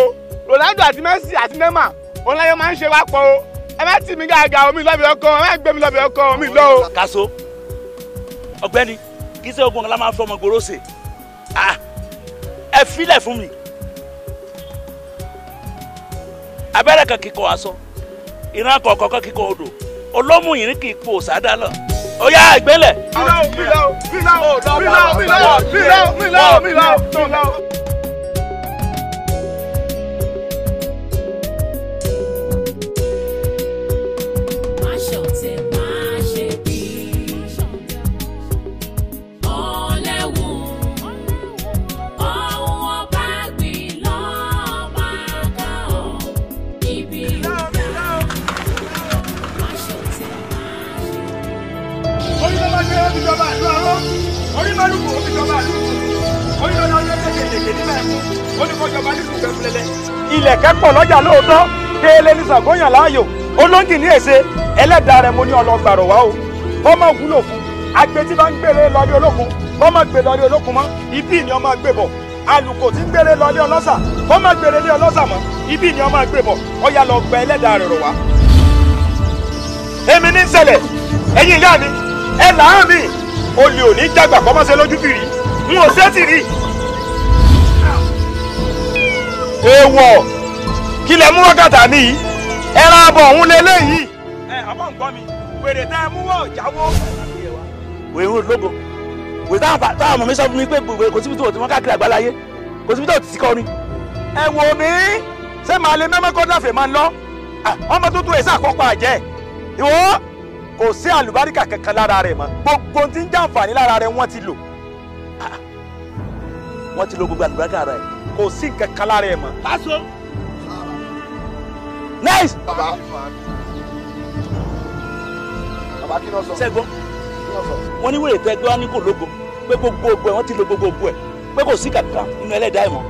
Ronaldo àti Messi àti Neymar òun láyé máa ń ṣe wápọ̀ o ẹ má tì mí gàgà omi lọ́bì ọkọ ẹ má gbé mi lọ́bì ọkọ mi lọ o. kaso ọ̀gbẹ́ni kì í ṣe ogun ọ̀la máa fọ ọmọ gbòòrò ṣe ah, ẹ filẹ̀ fún mi abẹ́rẹ́ kan kíkọ aṣọ ìran kọ̀ọ̀kan kíkọ odò olómùyìn kì í po òṣàdá lọ ó yá ìgbélẹ̀. mi láò mi láò mi láò mi láò mi láò mi láò mi láò mi láò. jọba àdúgbò ó ní lọ́dọ̀ ọjọ́ kékeré níbẹ̀ ó ní kó jọba nílùú gbẹ̀fúlẹ̀lẹ̀. ilẹ̀ kẹ́pọ̀ lọ́jà lóòótọ́ kéèlé ní sàgóyàn láàyò olóńgì ní èsè ẹlẹ́dàá rẹ̀ mo ní ọlọ́gbàrọ̀ wá o bọ́mọ̀ wúlò fún agbe tí bá ń gbére lọ́rí olókun bọ́mọ̀ gbé lọ́rí olókun mọ́ ibi ni ọmọ gbé bọ̀ alùkò tí ń gbére lọ́rí ọlọ́sà bọ́mọ̀ gbére lé ọlọ́sà mọ́ ibi ni ọmọ gbé bọ̀ ọyà lọ gba ẹlẹ́dàá rẹ̀ rọ̀ wá. èmi ní ń ẹ̀yin ìyá mi ẹ̀ làá mi olè ò ní dàgbà kọ́ máa ṣe lójú fìrí n ò ṣe tìrí. èèwọ̀ kí lẹ mú wákàtà mi yìí ẹran abọ ọ̀hún lélẹ́yìí. ẹ àbọ̀ ń gbọ́ mi wèrè tá ẹ mú wọ̀ jáwó. wèrè ń lógo wèrè táwọn ọmọ mi sọ fún mi pé wèrè kò síbi tó tí wọ́n káàkiri àgbáláyé kò síbi tó ti kọ́ ni. ẹ wò mí ṣé màá lè mẹ́mẹ́kọ́ dáfẹ́ máa lọ ọmọ tó tó ẹ̀ sáà kọ́ pa àjẹ́ ìwọ́ kò sí àlùbáríkà kankan lára rẹ̀ mọ́ gbogbo tí ń jàǹfààní lára rẹ̀ wọ́n ti lò wọ́n ti lò gbogbo àlùbáríkà rẹ̀ kò sí nǹkan kan lára ẹ̀ mọ́. láṣọ. nice. baba baba kí ló sọ. sẹ́gbọ́n wọ́n ní wèrè tẹ́gbẹ́ wọn ní kò lógo pé gbogbo ògbó ẹ̀ wọ́n ti lò gbogbo ògbó ẹ̀ pé kò sí kankan nínú ẹlẹ́dàá ẹ̀ mọ́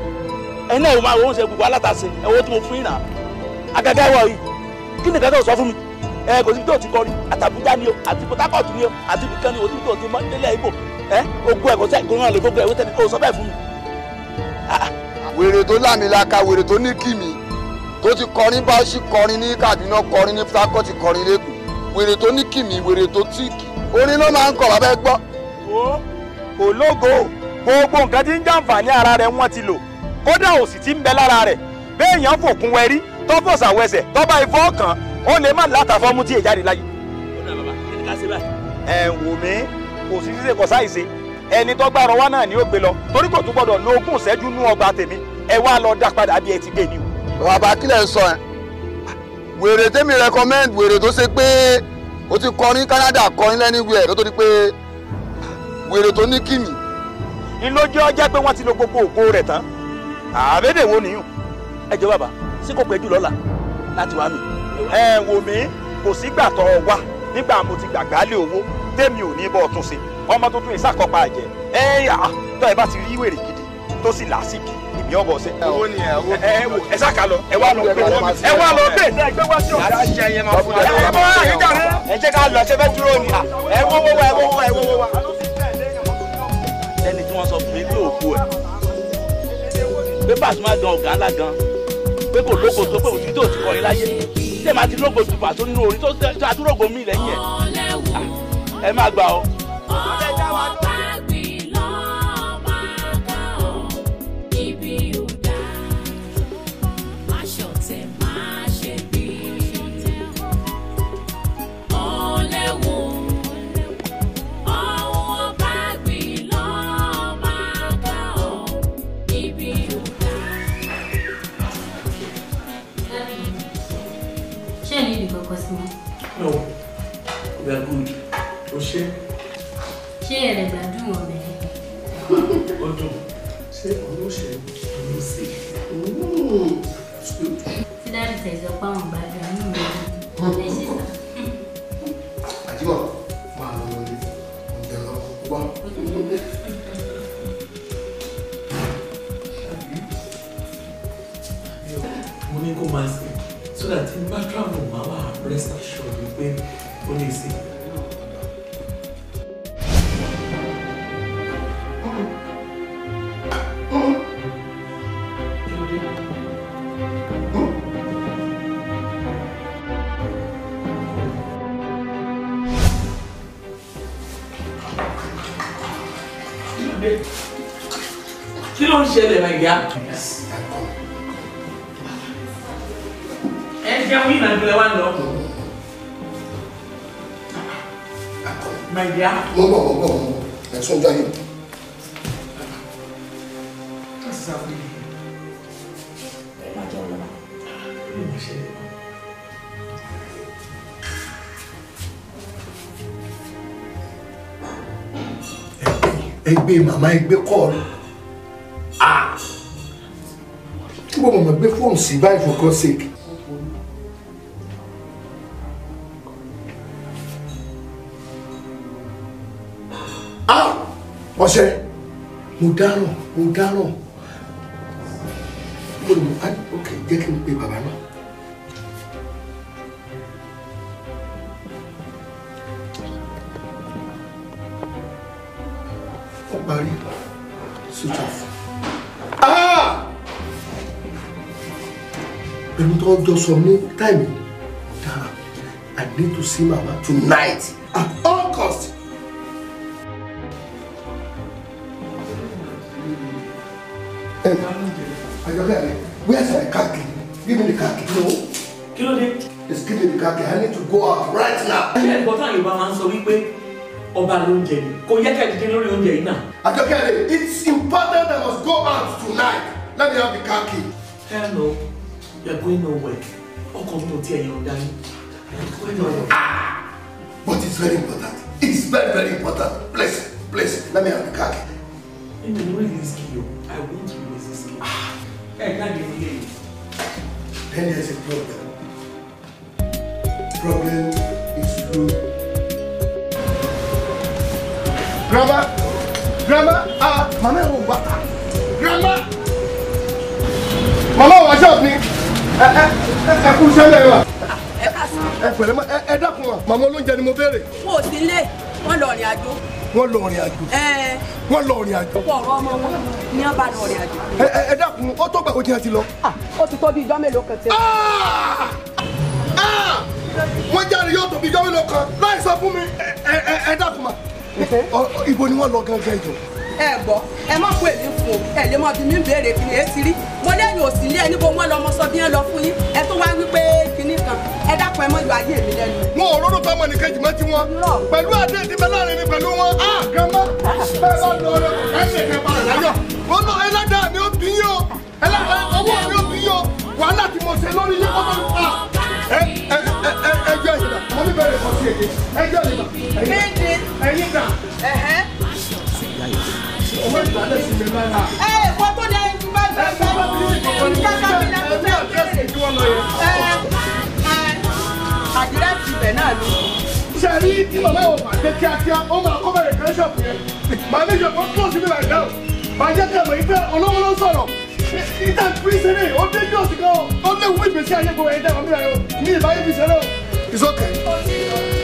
ẹ̀yin náà ìwọ máa wọ́n ṣe gbogbo alátàsé ẹ̀wọ́ tí mo fún yín náà àgàgà ẹ̀wọ̀ yìí kí nìkan tó sọ fún mi. kò tó ti kọrin àtàbújá ni o àti Port ni o àti ni o síbi tó ti mọ nílẹ̀ ibo ẹ ogun ẹ̀kọ́ sẹ́ lè gbogbo kó o sọ bẹ́ẹ̀ fún mi. Ah, ah. tó ní kìmì tó ti kọrin Bauchi kọrin ní Kaduna kọrin ní Port kọrin lẹ́kùn wèrè tó ní kìmì mi wèrè tó tí kì orin náà máa ń kọ̀ lábẹ́ gbọ́. gbogbo nǹkan ara rẹ wọn ti lò kódà òsì ti ń bẹ lára ó lè má látàfọ́ mú tí èjáde láyé. ẹ wò mí kò sí ṣíṣe kọ sáìṣe ẹni tó gbà rọwá náà ni ó gbé lọ torí kò tún gbọdọ̀ lo ogún ìṣẹ́jú nú ọgbà tèmi ẹ wá lọ dá padà bí ẹ ti gbé ni o. bàbá kílẹ̀ ń sọ ẹ wèrè tèmi recommend wèrè tó ṣe pé o ti kọrin Canada kọrin anywhere ló tó di pé wèrè tó ní kìmì. ìlójú ọjà pé wọ́n ti lo gbogbo ògo rẹ̀ tán àbẹ̀dẹ̀ wo nìyún ẹ jẹ́ bàbá sí kò pẹ́ jù lọ́la láti wá mi ẹ wò mí kò sígbà tó o wá nígbà mo ti gbàgbá lé owó tèmi ò ní bọ́ ọ̀tún sí ọmọ tuntun yìí sàkọ́pa àjẹ ẹ yà tó ẹ bá ti rí wèrè gidi tó sì lásìkì ìmí ọ̀bọ̀ ṣe. owó ni ẹ owó. ẹ wò ẹ sàkà lọ ẹ wá lọ gbé owó mi ẹ wá lọ gbé ẹ gbé wá sí òkè. yàrá ṣe ẹyẹ máa fún ẹ. ẹ bọ́ àyíká rẹ. ẹ jẹ́ ká lọ ṣe fẹ́ dúró ni ẹ wó wó wa ẹ wó wó wa ẹ wó wó wa. ẹni tí wọ́n sọ fún mi ló òkú ẹ̀ pé Pasuma dán ọ̀gá ńlá gan pé kò lóko tó pé òtítọ́ òtítọ́ yín láyé ṣé màá ti lógo tùbà tó nínú orin tó adúrógo mi lẹ́yìn ẹ̀ ah, ẹ má gbà ọ́. ẹ̀ lè gbádùn wọn bẹ́ẹ̀. ó dùn ṣé ọlọ́ṣẹ́ ló ń ṣe. ti dáàbì tẹ̀sán páwọn gbádùn. ń ṣẹlẹ̀ my dear. ẹ jẹun yìí náà gbẹlẹ wá lọ. my dear. mo bọ̀ mo bọ̀ mo ẹ̀ tún jọ yìí. ẹgbẹ́ màmá ẹgbẹ́ kọ́ọ̀lù. tí mo mọ̀ gbé fóònù sí báyìí for God's sake. Ah! ọ̀sẹ̀ mo dáràn mo dáràn mo lè mọ ah, ok jẹ́ kí n pe bàbá náà. ó parí pẹ̀lú tó ń jọ sọ ní táìmì dára I need to see mama tonight at all cost. Àjọkẹ́ rẹ̀ where's my car key? Give me the car key. No. Kí ló dé? It's give me the car key. I need to go out right now. Ṣé ẹ̀gbọ́n táwọn Yorùbá máa ń sọ wípé ọba lóúnjẹ ni kò yẹ ká dìde lórí oúnjẹ yìí náà. Àjọkẹ́ it's important that I must go out tonight. Let me have the car key. Hello. You're going nowhere. come mi ò tiẹ̀ yọ̀ǹda yín. But ah! it's very important. It's very, very important. Please, please, let me have the card. Èmi ni wọ́n release kí I won't release this key. Ẹ ah! káàdì hear yìí. Then there's a problem. Problem is true. Grandma! Grandma! Ah, mama ò wá. Grandma! Mama wá ṣọ́ọ̀bù me? ẹ kú sẹ́lẹ̀ wa. ẹ pẹ̀lẹ́ ẹ dákun wa màmá olóúnjẹ ni mo béèrè. wọn ò sí ilé wọn lọ rìn àjò. wọn lọ rìn àjò. wọn lọ rìn àjò. pọ̀ ọ̀rọ̀ ọmọ wọn ni wọn bá lọ rìn àjò. ẹ dákun ó tó gbà ó jẹ́ ti lọ. ó ti tó bí ijọ́ mélòó kan tẹ́lẹ̀. wọ́n jáde yóò tó bí ijọ́ mélòó kan láì sọ fún mi ẹ dákun ma. ibo ni wọ́n lọ gangan jù ẹ gbọ́ ẹ má kó èmi fún ẹ lè mọ bí mi béèrè kí ni ẹ ti rí mo lẹ́yìn òsì ilé ẹni bó wọ́n lọ́mọ sọ bí wọ́n lọ fún yín ẹ tó wá wípé kinní kan ẹ dákun ẹ mọ yọ ayé mi lẹ́nu. wọn ò rọ́dọ̀ fọmọ nìkan jùmọ̀ tí wọn pẹ̀lú àdé ìdíbẹ̀ láàrin mi pẹ̀lú wọn á gan mọ́ bẹ́ẹ̀ bá lọ rẹ ẹ ṣe kẹfà láyọ̀ wọn náà ẹlẹ́dàá mi ò bí yín ẹlẹ́dàá ọwọ́ mi ò bí yín o wàhálà tí ṣe lórí yín kọ́kọ́ ẹ ẹ ẹ ẹ ẹjọ́ ìdìbà mo ní bẹ̀rẹ̀ kọ́ owó ìgbàlẹ̀ sí mi lára. ẹ ẹ̀kọ́ tó dẹ ẹni bá bẹ fẹ́ ìdájọ́ mi náà tó fẹ́ bèrè. àdírẹ́sì ibẹ̀ náà ló. ṣe rí tí bàbá ìwọ máa dé kíákíá ó máa kọ́ bẹ̀rẹ̀ kan ṣọ̀pù yẹn màá ní ìṣọ̀pù tó sí mi láì dáhùn màá jẹ́ kí ẹ̀mọ̀ ìfẹ́ olówó ló sọ̀rọ̀ ìta ìpínsẹ̀ ní ó dé jọ́ sí kan ó léwu ìgbésí ayé gbogbo ẹ̀dá ọ̀mí rẹ̀ o ní ìbáyé fi ṣẹlẹ̀ o it's okay. gbọ́dọ̀.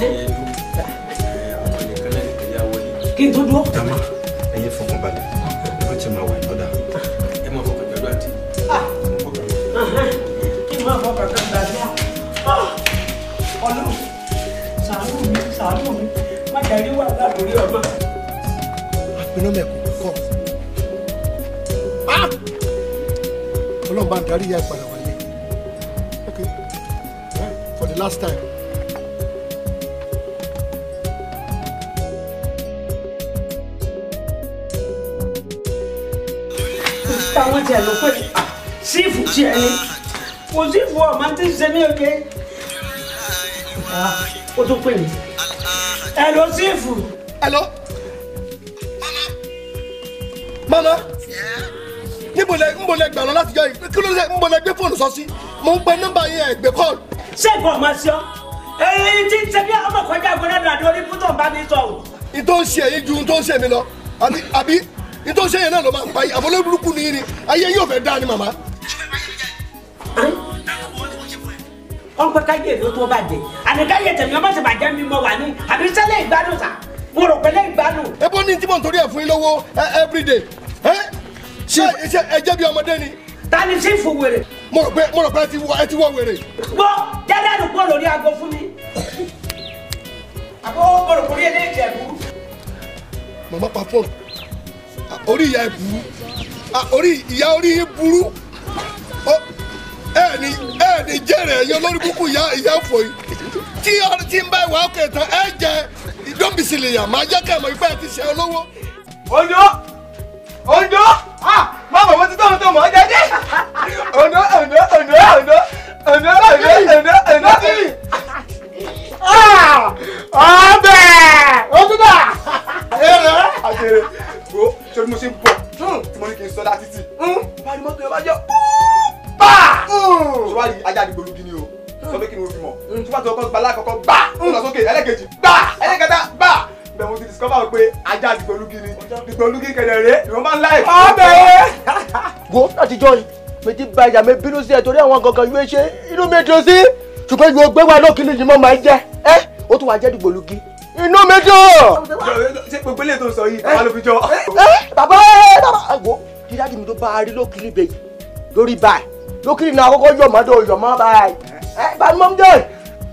kí n tó dúró. dama ẹyẹ fọkàn balẹ̀ ó ti máa wà lọ́dà ẹ máa fọkàn pẹ̀lú àti. Ah, kí n máa fọkàn kan dáadáa ọlọ́run ṣàánú mi ṣàánú mi má darí wà látòrí ọmọ. àpinnu mẹ́kọ̀ọ́ kọ́ ah! ọlọ́run bá ń darí ìyá ìpadà wáyé okay right for the last time. má tiẹ̀ ló pé ah, sífù tiẹ̀ ni kò sífù ọ̀ máa ti ṣe mí òkè ah, ó tún pè mí ẹ lọ sífù. ẹ lọ mama níbo lẹ ń bo lẹ gbà lọ láti jọ yìí kí ló lẹ ń bo lẹ gbé fóònù sọ sí mo ń gbé nọ́mbà yẹn ẹ gbé kọ́ọ̀lù. ṣé ìkọ́ ọmọ sí ọ èyí tí ń ṣe bí ọmọ kọjá gbọdọ̀ dàdú orí fúntàn bá mi sọ o. ìtò ń ṣe èyí ju ohun tó ń lọ àbí nítorí ṣe yẹn náà ló máa ń pa yìí àbọ̀lẹ́ burúkú ni yìí ni ayé yóò fẹ́ dáa ni màmá. ọ̀pẹ káyé èdè tó bàjẹ́ àní káyé tèmi ọmọ ti bàjẹ́ mi mọ wà ní àbí sẹ́lẹ̀ ìgbádùn sà mo rò pé lẹ́yìn ìgbádùn. ẹ bọ́ ní tí mò ń torí ẹ̀ fún yín lówó everyday ṣe ẹ jẹ́ bí ọmọdé ni. ta ni sí fún wèrè. mo rò pé mo rò pé ẹ ti wọ wèrè. gbọ́ jẹ́dá ló pọ̀ lórí aago fún mi. àbó mo rò pé orí ẹ lè jẹ̀bú. màmá pa fóònù orí ìyá ẹ burú orí ìyá orí yín burú ẹni ẹni jẹrẹ ẹyọ lórí kúkú ìyá ìyá fò yìí tí ọrẹ tí ń bá ìwà ọkẹ tán ẹ jẹ ìdóbìsìlìyà máa jẹ kẹmọ ìgbà ẹ ti ṣe olówó. ondo ondo ah má bàbá tí tọ́nu tó mọ̀ ọ́ jáde ondo ondo ondo ondo ondo ondo ondo ondo. Ah! ọbẹ̀ ó tún dà ẹ̀rọ àjèrè gbó torí mo ṣe ń bọ̀ tí hmm. mo ní kí n sọ dá títì hmm. bá ní mọ́tò yẹn bá jẹ́ bá tó bá yí ajá àdìgbò lùgì ni o hmm. sọ pé kí ni mo fi mọ̀ tó bá tó ọkọ̀ gbalá kọ̀ọ̀kan bá ó lọ sókè ẹlẹ́kejì bá ẹlẹ́kẹta bá bẹ̀ mo ti discover pé ajá àdìgbò lùgì ni àdìgbò lùgì kẹ̀dẹ̀ rẹ̀ ìwọ́n máa ń láì. ọbẹ̀ gbó láti jọ yìí méjì bá ìyá mi bínú sí ẹ̀ torí àwọn gangan yóò ṣe inú mi dùn sí ṣùgbọ́n ìwọ gbé wa lókè lóyún mọ́ máa jẹ́ ẹ́ ó tún wàá jẹ́ dìgbòlugi inú mi jọ. ṣé gbogbo ilé tó ń sọ yìí bàbá ló fi jọ. bàbá bàbá àgbo dídájú mi tó bá a rí lókìlì bèyí lórí báyìí lókìlì náà àkọ́kọ́ yọ̀mọ́dọ̀ yọ̀mọ́ báyìí ẹ bá mi mọ́ mi jẹ́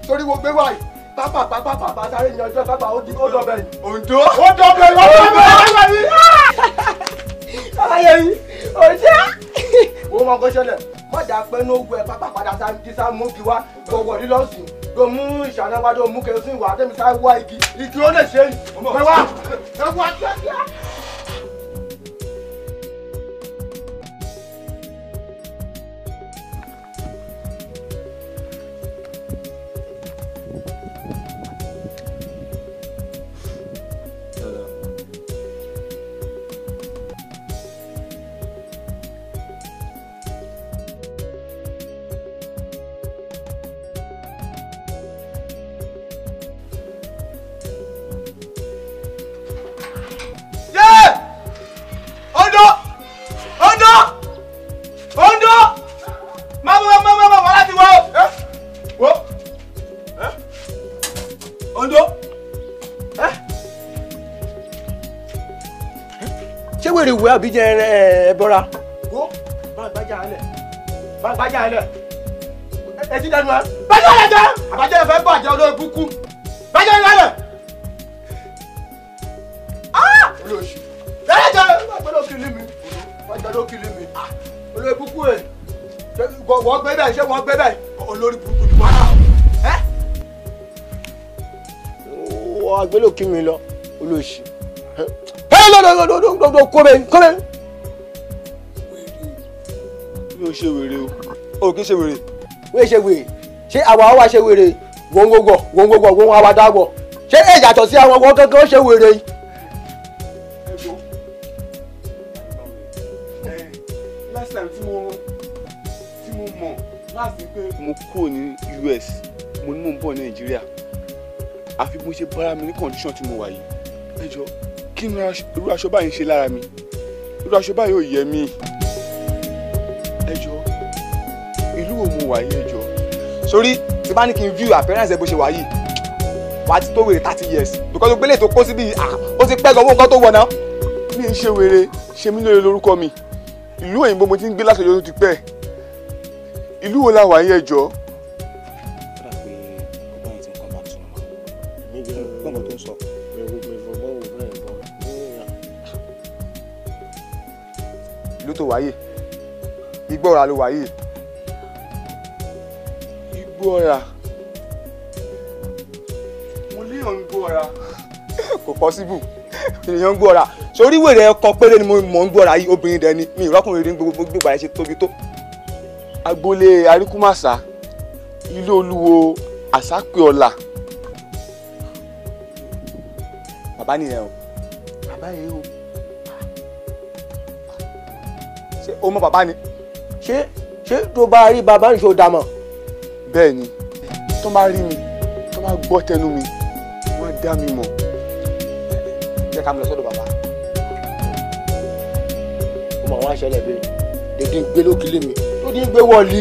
torí wo gbé wáyìí pápá pápá pápá sáré yanjú ẹ pápá ó dọ̀bẹ̀ yìí. òǹdó ó dọ̀bẹ̀ yìí. Ọláyẹmí ọjà wo máa kọ́ ṣẹlẹ̀ má dàá pẹ́ ní ogun ẹ̀ pápá padà sáájú sáámú bí wá gbọ̀wọ̀ lílọ́sìn ló mú ìṣàlẹ̀ wájú òmùkẹ́ sí ìwà àtẹ̀mísá wá igi igi ó lè ṣe é mẹ́wàá mẹ́wàá kíákíá. àbí jẹ ẹ bọ́ra. kó bàgbájà alẹ bàgbájà alẹ etí dẹnu ẹ. bàjẹ́ alẹ ah! jẹ́ àbájẹ́ ìfẹ́ bàjẹ́ olóògùn kú bàjẹ́ alẹ. olóòṣù lẹ́yìn jẹ́ àgbẹ̀dọ̀ kìlì mi àgbẹ̀dọ̀ kìlì mi ah! olóògùn kú ẹ̀ wọ́n gbé bẹ́ẹ̀ ṣé wọ́n gbé bẹ́ẹ̀ olórí burúkú ni wọ́n á. wọ́n àgbélò kí mi lọ olóòṣù no no no no no no no! kọ́mẹ́ kọ́mẹ́. mi ò ṣe wèrè o o kì í ṣe wèrè. wọ́n ṣe wèrè ṣé àwa wa ṣe wèrè gbòǹgbòǹgbò gbòǹgbòǹgbò gbòǹ àwa dàgbò ṣé èyí àtọ̀ sí àwọn ọmọ kankan ṣe wèrè yìí. last time tí mo tí mo mọ̀ láti pé mo kúrò ní US mo ní mò ń bọ̀ Nàìjíríà àfi mo ṣe bára mi ní condition tí mo wà yìí ẹ jọ kí ni irú aṣọ báyìí ń ṣe lára mi irú aṣọ báyìí ò yẹ mí ẹjọ ìlú wo mo wà yìí ẹjọ. sori tí bá ní kí n view appearance ẹ bó ṣe wà yìí wà á ti tó wèrè thirty years because gbélé tó kó síbi ah, ó ti pẹ́ gan-an nǹkan tó wọ̀ náà mi ń ṣe wèrè ṣe mí lóore lórúkọ mi ìlú òyìnbó mo ti ń gbé láti ọjọ́ tó ti pẹ́ ìlú wo la wà yìí ẹjọ́. igbó ọ̀rà ló wà yìí igbó ọ̀rà mo léèyàn ń gbó ọ̀rà kò possible èèyàn ń gbó ọ̀rà sórí wèrè ẹ̀kan péré ni mo mọ̀ ń gbó ọ̀rà yìí obìnrin dẹ̀ ni mi ìrọ́kùnrin rí gbogbo gbígbà ẹ̀ ṣe tóbi tó agboolé aríkúmàṣá ilé olúwo àsápéọlà bàbá nìyẹn o bàbá yìí o ṣé o mọ bàbá ni ṣé ṣé tó bá rí bàbá nìṣó dàmọ̀. bẹ́ẹ̀ ni tó bá rí mi tó bá gbọ́ tẹnu mi wọ́n dá mi mọ̀. jẹ́ ká mi lọ sọ́dọ̀ bàbá. mo mọ̀ wọ́n aṣẹ́lẹ̀ bẹ́ẹ̀ dèdè gbé lókìlì mi tó dín gbé wọ̀lì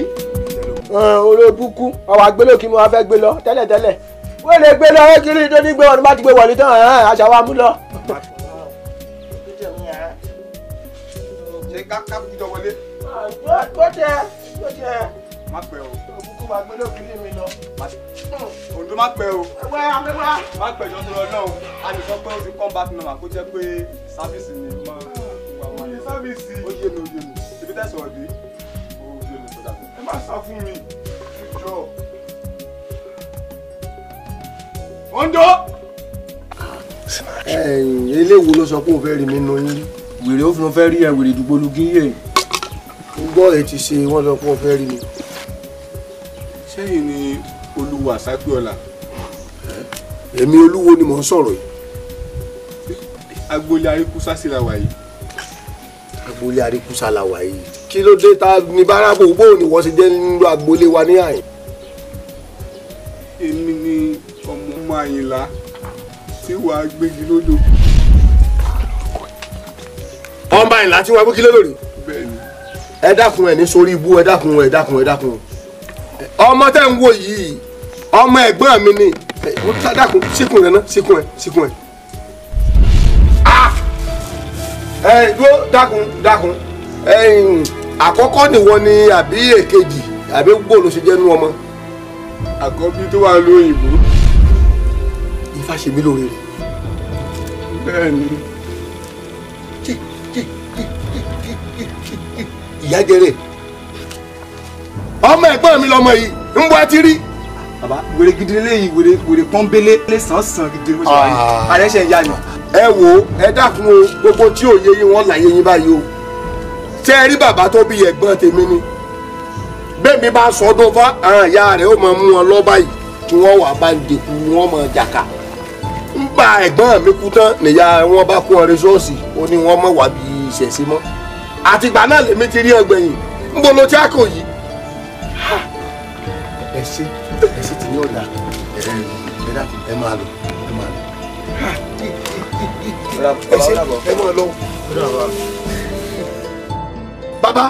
olóbùkú ọ̀wà gbélókì mi wọ́n fẹ́ gbé lọ tẹ́lẹ̀tẹ́lẹ̀ wọ́n lè gbé lọ kiri tó dín gbé wọ̀lì bá ti gbé wọ̀lì tán àṣà wa mú lọ. ṣé ká ká kújọ wọlé gbọ́ jẹ gbọ́ jẹ. má pẹ́ o. òkùnkù máa gbé lókìlì mi lọ. òǹdó má pẹ́ o. ẹwẹ́ amẹ́wá. má pẹ́ jọ tọrọ náà o. a lè sọ pé o ti come back number kó jẹ́ pé sáfíìsì ni mo máa wà wá. Oye ó yé mi ó yé mi. ibi tẹ̀sán ọ̀dí. ó yé mi sọ́jà. ẹ má sá fún mi. jọ. òǹdó. ẹ̀yìn eléwo ló sọ pé òun fẹ́ rí mi nù yín wèrè ó fi fẹ́ rí ẹ wèrè dùgbò lu kí yé gbọ́ èyí ti ṣe wọ́n lọ pọ̀ fẹ́ rí mi. sẹ́yìn ni olúwo àsápéọlá. èmi olúwo ni mò ń sọ̀rọ̀ yìí. agboolé aríkúsá sí la wà yìí. agboolé aríkúsá la wà yìí. kí ló dé ta ni bárábò bóò ni wọ́n ṣe jẹ́ nínú agboolé wa ní àyìn. èmi ni ọmọ ọmọ àyìnlá tí wàá gbégi lódò. ọmọ àyìnlá tí wàá gbégi lódò rè. bẹ́ẹ̀ni ẹ dákun ẹ ní sórí ibú ẹ dákun ẹ dákun ẹ dákun ọmọ tẹ́ ń wò yìí ọmọ ẹ̀gbọ́n mi ni ẹ dákun síkùn rẹ náà síkùn rẹ síkùn rẹ ẹ dúró dákun dákun àkọ́kọ́ nìwọ ni àbí èkejì àbí gbogbo ló ṣe jẹ́ nú ọmọ. àkọ́bí tó wà lóyìnbó. ifá ṣe mí lóore rẹ̀. bẹ́ẹ̀ ni. ìyá jẹrè ọmọ ẹ̀gbọ́n mi lọmọ yìí ń bọ́ ti rí. bàbá wèrè gidi lẹ́yìn wèrè wèrè pọ́nbélé lẹ́sàn-án sàn gidi ló ṣe wáyé ah. ààrẹ ṣe ń yá mi. ẹ wo ẹ dákun o gbogbo tí òye yín wọn láyé yín báyìí o ṣé ẹ rí bàbá tó bí ẹ̀gbọ́n tèmi ni bẹ́ẹ̀ni bá sọ ọdún fún àwọn ìyá rẹ̀ ó máa mú wọn lọ báyìí tí wọ́n wà bá ń dẹ̀kú wọn máa jàkà ń gba ẹ̀gbọ́n mi kú tán nìyá wọn bá kó ọ rẹ́sọ́ọ̀sì ó ní wọ́n mọ̀ wá bí ìṣẹ̀sí mọ́ àtìgbà náà lèmi ti rí ọgbẹ̀yìn níbo ló ti àkò yìí. ẹ ṣe ẹ ṣe ti ní ọ̀dà ẹ dákun ẹ máa lọ ẹ máa lọ. ẹ máa lọ. bàbá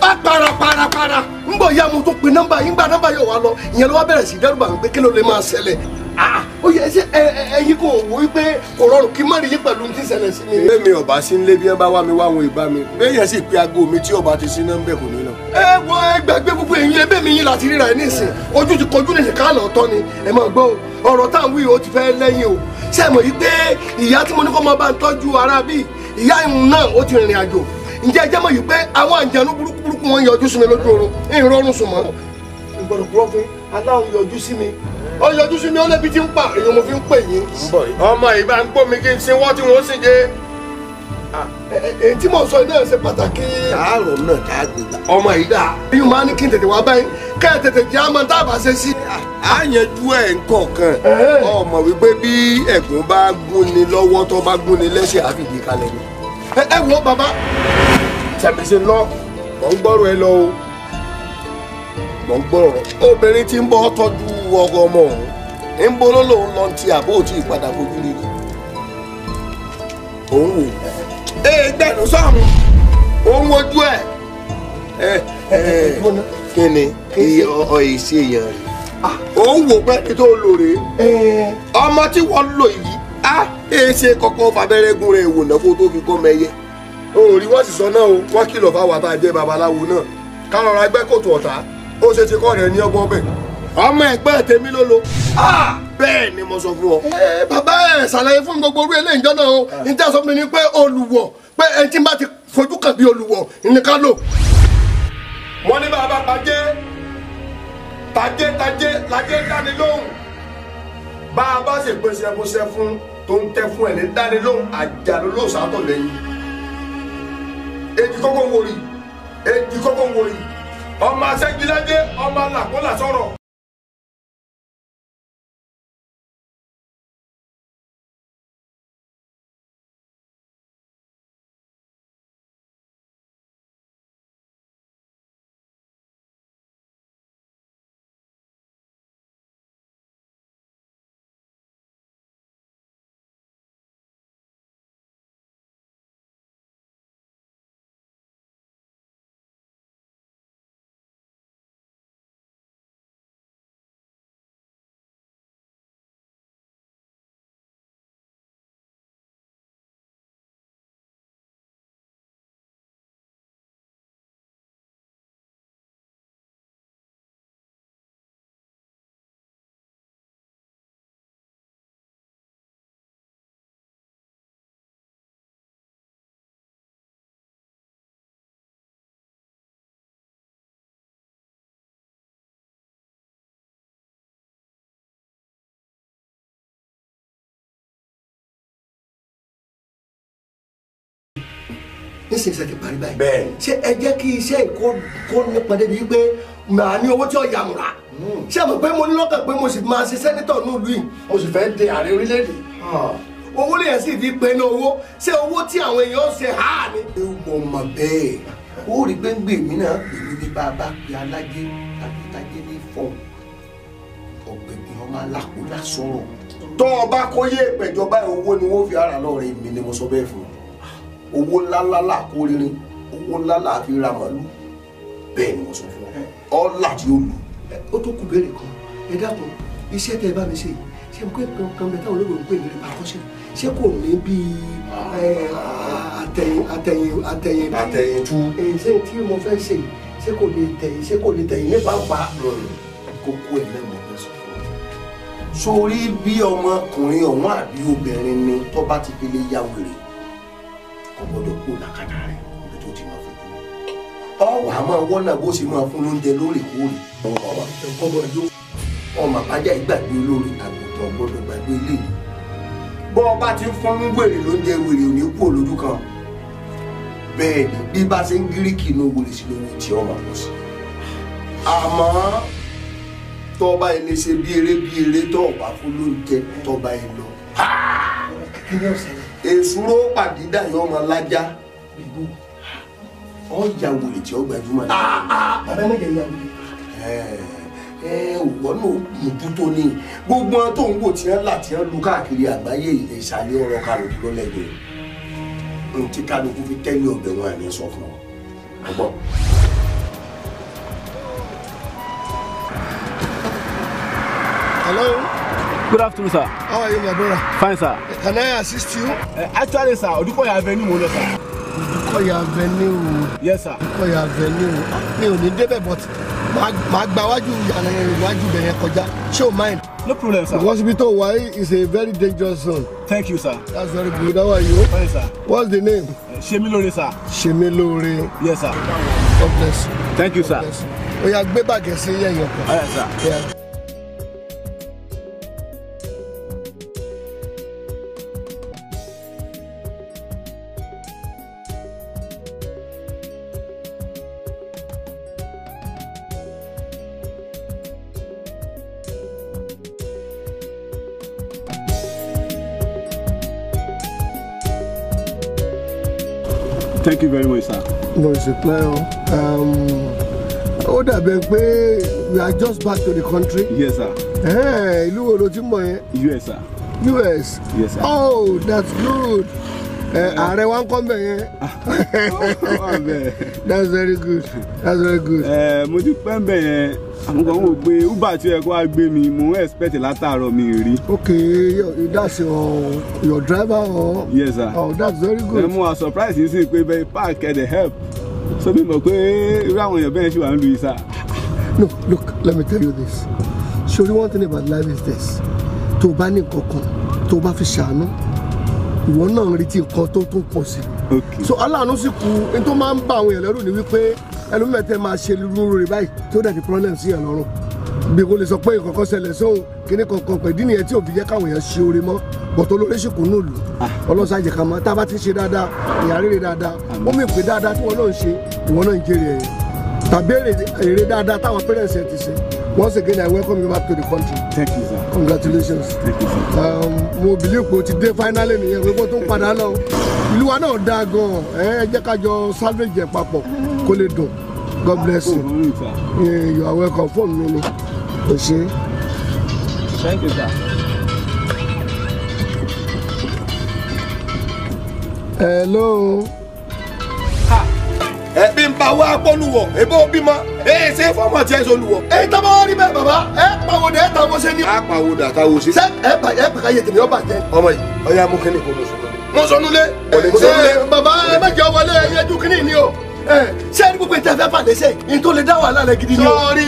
bá para para para ń bọ̀ ya mo tó pe nọ́mbà yín gba nọ́mbà yóò wá lọ ìyẹn ló wá bẹ̀rẹ̀ sí dẹ́rù bà pé kí ló lè máa ṣẹlẹ̀. Ah, ó yẹ ṣe ẹyin kò wò pé kò rọrùn kí mọ́rin yín pẹ̀lú ti ṣẹlẹ̀ sí mi. ilé mi ọba sí nílé bí wọn bá wá mi wá wọn ìbá mi bẹ́ẹ̀ sì pé aago mi tí ọba ti sí náà ń bẹ̀ kò ní lọ. ẹ wọ ẹgbẹgbẹ gbogbo èyí ẹbẹ mi yín láti ríra ẹ nísìn ojú ti kọjú lè ṣe káàlọ ọ̀tọ̀ ni ẹ máa gbọ́ ọ̀rọ̀ tá à ń wí o ti fẹ́ lẹ́yìn o ṣe mọ̀ yí pé ìyá tí mo ní kó máa bá ń tọ́jú ara bí ìyá ìhun náà ó ti rìnrìn àjò ǹjẹ́ ẹ jẹ́ mọ̀ yí pé àwọn àjànú burúkú burúkú wọn yọjú sí mi lójú oorun ìrọ̀rùn sùn mọ́ ìgbọ̀dọ̀ kúrọ́ fún aláwọ̀ yọjú sí mi ó yọjú sí mi ó lébi ń pa fi ọmọ ìgbà ń kí n sin sọ ṣe pàtàkì. náà ká ọmọ yìí dà. bí mo máa ní kí n tètè wá báyìí kẹ́ ẹ tètè jẹ́ àmọ́ tá a bá ṣe sí. a ẹ̀ nǹkankan ọmọ wípé bí ẹ̀gún bá lọ́wọ́ tó bá lẹ́sẹ̀ ṣùgbọ́n obere obìnrin tí ń bọ́ tọ́jú ọmọ òun ń bolo lòun lọ ti àbó òtí ìpadà fojú rí òun wò ẹ ẹ gbẹnu sọrun òun wojú ẹ kí ni ọ èsì èèyàn rẹ ah, òun wò pé kí tó lò rè ọmọ tí wọ́n lò yìí á ah, wò náà kó tó fi sì sọ o wọ́n fáwọn babaláwo náà ó ṣe ti kọ́ rẹ̀ ní ọgbọ́n bẹ̀ ọmọ ẹ̀gbọ́n tèmi ló lo bẹ́ẹ̀ ni mo sọ fún ọ. bàbá ẹ ṣàlàyé fún gbogbo orí eléyìí jọ́nà o níta sọ fún mi ni pé olùwọ̀ pé ẹni tí n bá ti fojú kàn bí olùwọ̀ ní ká lò. wọ́n ní bàbá pàjẹ́ tajẹ́ tajẹ́ lajẹ́ dání lóhùn bá a bá sì pèsè ẹ̀kúnṣẹ́ fún tó ń tẹ́ fún ẹ̀ ní dání lóhùn àjàló ló sàtọ̀ lẹ́yìn. èjì kọ́kọ́ ń wòrì èjì kọ́kọ́ ń wòrì ọmọ asẹ́gilẹ́dẹ́ ọmọ làkọ́là sọ̀rọ̀ nísìnyí sẹ ti parí báyìí. bẹ́ẹ̀ni. ṣé ẹ jẹ́ kí iṣẹ́ yìí kó nípa débi pé màá ní owó tí ó yà múra. Hmm. ṣé mo pé mo ní lọ́kàn pé mo sì máa ṣe sẹ́nitọ̀ nílùú yìí. mo sì fẹ́ di ààrẹ orílẹ̀-èdè. Hmm. owó lè yẹn sì fi pe owó ṣé owó tí àwọn èèyàn ṣe há ni. ẹ wọ ọmọ bẹ́ẹ̀ ó rí gbẹngbẹ mi náà pèmí ní bàbá pé alájẹ tàbí tajẹ ní fọhùn ọgbẹgbẹ ọmọ alákòólá sọ̀rọ̀. tọ́ ọ bá kó yé ìpẹ̀jọba owó ni wọ́n fi ara lọ́ọ̀rẹ́ mi ni mo sọ owó ńláńlá àkórírin owó ńláńlá àfi ra màálù bẹ́ẹ̀ ni mo sọ fún ọ ọ̀là tí ó lù. ó tó kù béèrè kan ẹ dákun iṣẹ́ tẹ́ ẹ bá mi ṣe ṣe pé kankan bẹ táwọn olóògbé ń pè ní repercussion ṣé kò ní bíi àtẹ̀yìn àtẹ̀yìn àtẹ̀yìn àtẹ̀yìn tú. ṣé tí mo fẹ́ ṣe ṣé kò ní tẹ̀yìn ṣé kò ní tẹ̀yìn ní pàápàá. kókó ẹ̀ lẹ́mọ̀ sórí bí ọmọkùnrin ọ̀hún àbí obìnrin ni tó bá ti fi lè ya wèrè kò gbọdọ̀ kó làkàtà rẹ̀ ibi tó ti máa fún un. ọwọ́ àmọ́ wọ́nà bó ṣe máa fún lóúnjẹ lóòrèkóòrè ọmọ ọmọ ìjó ọmọ àbájá ìgbàgbé olóore àgùntàn gbọdọ̀ gbàgbé ilé yìí. bọ́ ọ bá ti ń fún wèrè lóúnjẹ wèrè ò ní kú olójú kan bẹ́ẹ̀ ni bí bá ṣe ń gíríkì inú wèrè sí lóhun tí ọmọ kò sí. àmọ́ tọ́ba ẹni ṣe bí eré bí eré tọ́ọ̀bá fún lóúnjẹ tọ́ba ẹ lọ. kí ni ọ̀sẹ̀ yẹn èsúró pàdídà yóò máa lájà gbígbó ọjà wòlé tí ó gbajúmọ̀ ah, ah. bàbá mẹ́jẹ̀ yà wòlé. ẹ ẹ ògbọ́n náà mùtú tó ní gbogbo wọn tó ń wò tí wọn là tí wọn lu káàkiri àgbáyé ilẹ̀ ìsàlẹ̀ ọ̀rọ̀ kálukú lọ́lẹ́gbẹ̀ẹ́ ohun tí kálukú fi tẹ́lẹ̀ ọ̀bẹ̀ wọn àní sọ fún ọ. Hello. Good afternoon, sir. How are you, my brother? Fine, sir. Can I assist you? Uh, actually, sir, Odukoya Avenue, mo lọ, sir. Odukoya Avenue. Yes, sir. Odukoya Avenue. Ah, mi ò ní débẹ̀ but màá gba wájú ìyànà ìwájú bẹ̀rẹ̀ kọjá. Ṣé o mind? No problem, sir. Because Bito Wai is a very dangerous zone. Thank you, sir. That's very good. How are you? Fine, sir. What's the name? Eh, Ṣemilore, sir. Ṣemilore. Yes, sir. God bless you. Thank you, God sir. Oya gbé bàgẹ́ sí yẹ̀yẹ̀ kan. All right, sir. Yeah. thank you very much sir. no it's a pleasure. Um, dàbẹ̀ pé we are just back to the country. yes sir. Hey, eh, wo ló ti mọ̀ yẹn. us sir. us. yes sir. oh that's good. Eh, are wa ń kọ́ that's very good that's very good. Uh, ti pẹ́ mo kàn wò pé uber tí ẹ kó wá gbé mi mo ń expect látàárọ̀ mi rí. okay that's your your driver or. yes sir oh that's very good. ẹ mú wa surprise yìí sí pé bẹ́ẹ̀ park ẹ̀ dey help so mi mọ̀ pé irú àwọn èèyàn bẹ́ẹ̀ ṣì wà ń lu ìsà. no look let me tell you this sori one thing about life is this tó o bá ní nǹkan kan tó o bá fi ṣàánú ìwọ náà ń retí nǹkan tó tún pọ̀ sí. so aláàánú sì kú ní tó máa ń bá àwọn èèyàn lẹ́rù ni wípé ẹlòmíràn tẹ máa ṣe irú rẹ̀ báyìí tó dẹ̀ di problem sí ẹ̀ lọ́rùn bí kò lè sọ pé ìkọ̀kọ̀ ṣẹlẹ̀ sóhun kíní kankan pẹ̀lú nìyẹn tí òbí jẹ́ káwọn èèyàn ṣe oore mọ́ bọ̀tọ̀ olórí ṣìkò náà lù ah. ọlọ́sà àjẹká máa tá a bá ti ṣe dáadáa ìyá rere dáadáa ó mì pé dáadáa tí wọn náà ń ṣe ìwọ náà ń jèrè ẹ̀ tàbí èrè dáadáa táwọn parents ẹ̀ ti ṣe Once again, I welcome you back to the country. Thank you, sir. Congratulations. Thank you, sir. Um, mo believe pé ti dé finally nìyẹn pé kó tó ń padà lọ. Ìlú wa náà dáa gan-an, ẹ salvage ẹ̀ papọ̀ kó lè dùn. God bless you. Oh, yeah, you are welcome. Fóònù mi ni. O ṣe. Thank you, sir. Hello àwa apọ́nuwọ̀ ebó bímọ ee ṣe fọmọ tí ẹ sọ olùwọ. èyí tó bá wá rí bẹ́ẹ̀ bàbá ẹ pàwọ́dà ẹ tàwọn ṣe ni. a pàwọ́dà àtàwọn ṣe. sẹ ẹ bà ẹ bà ká yẹ tèmi ọba jẹ. ọmọ yìí ọyá mú kíni kò lóṣù lọ. mo sọnù lé. ṣe bàbá ẹ má jẹ́ wọlé ẹ yẹjú kíní ni o. ṣé ẹni gbogbo ìtẹ́fẹ́ pàdé ṣe ní tó lè dá wàhálà rẹ gidi ni o. sọrí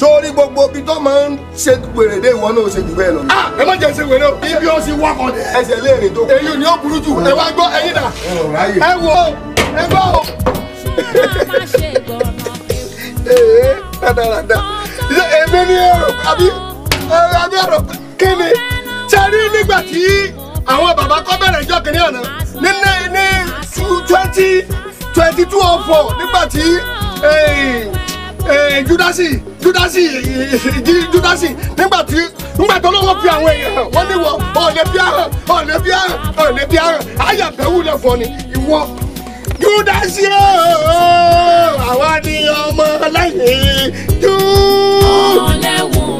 sórí gbogbo ibi tó máa ń ṣe wèrè dé ìwọ náà ṣe jù bẹ́ẹ̀ lọ. ẹ má jẹ́ ṣe wèrè o ibi ó sì wọ́kọ̀ dẹ̀. ẹsẹ̀ léèrè tó. èyí ò ní ó burú jù ẹ wá gbọ́ ẹyin dà ẹ wò ó ẹ gbọ́ ó ee eh, rádaràda èmi ni ẹ̀rọ àbí àbí ẹ̀rọ kíni ṣe rí nígbà tí àwọn bàbá kọ́ bẹ̀rẹ̀ ìjọ kìnìún ọ̀nà ní ní twenty twenty two oh four nígbà tí judasi judasi judasi nígbà tí nígbà tó lọ́wọ́ fi àwọn èèyàn hàn wọ́n ní wọ́n ọ̀nẹ́bíà hàn ọ̀nẹ́bíà hàn ọ̀nẹ́bíà hàn àyàbẹ̀wò lẹ̀ fọ́ ni ìwọ júdásí ooo àwa ni ọmọ lẹ́yìn jù. ọ̀lẹ́wọ̀n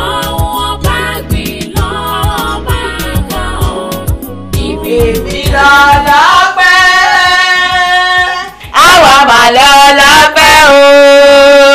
ọ̀hún ọba gbìn lọ́ọ́bà kan ìbí lọ́lọ́pẹ́ àwọn àmàlẹ́ ọlọ́pẹ́ ooo.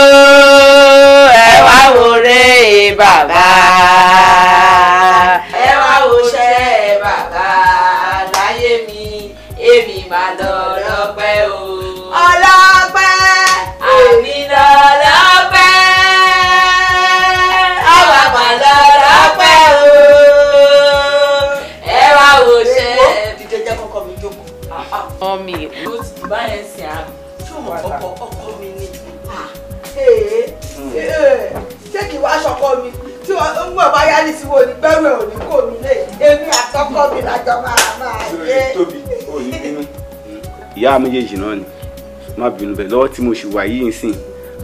ọkọ ọkọ mi ni ah. hmm. ṣé kí wàá ṣọkọ mi tí wọn ń wọ báyá ní tiwọn ní gbẹrù ẹ ò ní kò mí lè èmi àtọkọ mi lájọ máa máa yé. tóbi ò ní bínú. ìyá méjèèjì náà ni má bínú bẹ́ẹ̀ lọ́wọ́ tí mo ṣì wà yìí nsìn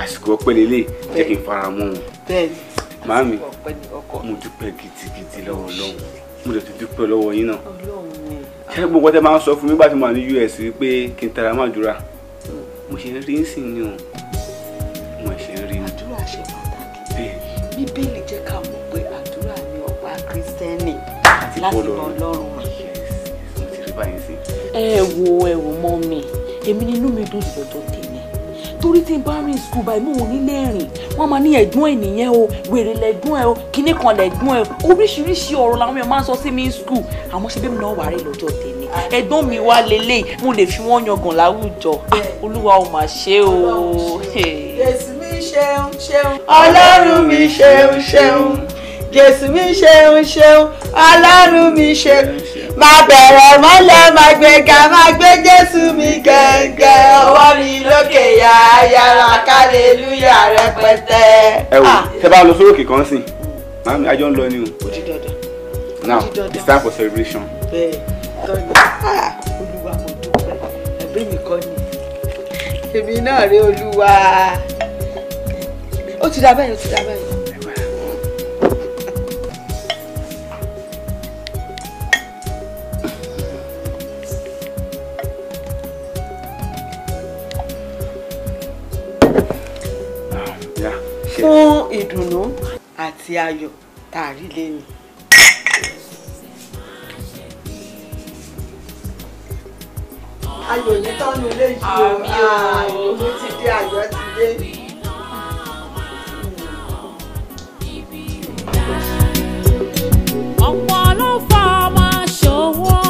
àsìkò ọpẹ́ lélẹ̀ jẹ́ kí n fara mọ́ wọn. bẹ́ẹ̀ni màámi mo dúpẹ́ gidigidi lọ́wọ́ lọ́wọ́ mo lè ti dúpẹ́ lọ́wọ́ yín náà. ṣé gbogbo tẹ máa ń sọ fún mi bá ti mọ ní us wípé kí n tara máa dúra mo ṣe ń rí sí ni o mo ṣe ń rí ni. àdúrà ṣe pàtàkì bíbélì jẹ́ ká mọ̀ pé àdúrà ni ọ̀pá kristẹni láti bọ́ ọlọ́run mà. ẹ wo ẹ wo mọ mi èmi nínú mi dùn lọ́dọ̀ tèmi torí tí n bá rìn skul báyìí mò ń nílé rìn wọ́n máa ní ẹ̀gbọ́n ènìyàn o wèrè lẹ̀gbọ́n ẹ o kinní kan lẹ̀gbọ́n ẹ oríṣiríṣi ọ̀rọ̀ làwọn èèyàn máa ń sọ sí mi skul àmọ́ ṣe bí mi náà wà lọ́jọ́ tèmi ẹ̀gbọ́n mi wá lélẹ̀ mo lè fi wọ́n yangàn láwùjọ ah, olúwa ò mà ṣe o. jésù mi ṣeun ṣeun ọlọ́run mi ṣeun ṣeun jésù mi ṣeun ṣeun ọlọ́run mi ṣeun máa bẹ̀rẹ̀ mọ́lẹ̀ máa gbéga máa gbé jésù mi gẹ́gẹ́ ọwọ́ mi lókè yá yára kálẹ́lúyà rẹpẹtẹ. ẹ wò ah. tẹ bá lọ sórókè kan sìn màámi ajọ ń lọ ni o. ó now it's time for celebration. bẹ́ẹ̀ tọ́ ni olúwa mo dúpẹ́ ẹ̀bí mi kọ́ ni èmi náà rí olúwa ó ti dá báyìí ó ti dá báyìí. Ah, fún ìdùnnú àti ayọ̀ tá a rí ayọ̀ ní tọ́nu ilé yìí o ah, ti dé ayọ̀ ti dé. ọ̀pọ̀ ló fọ́ ọmọ ṣòwò.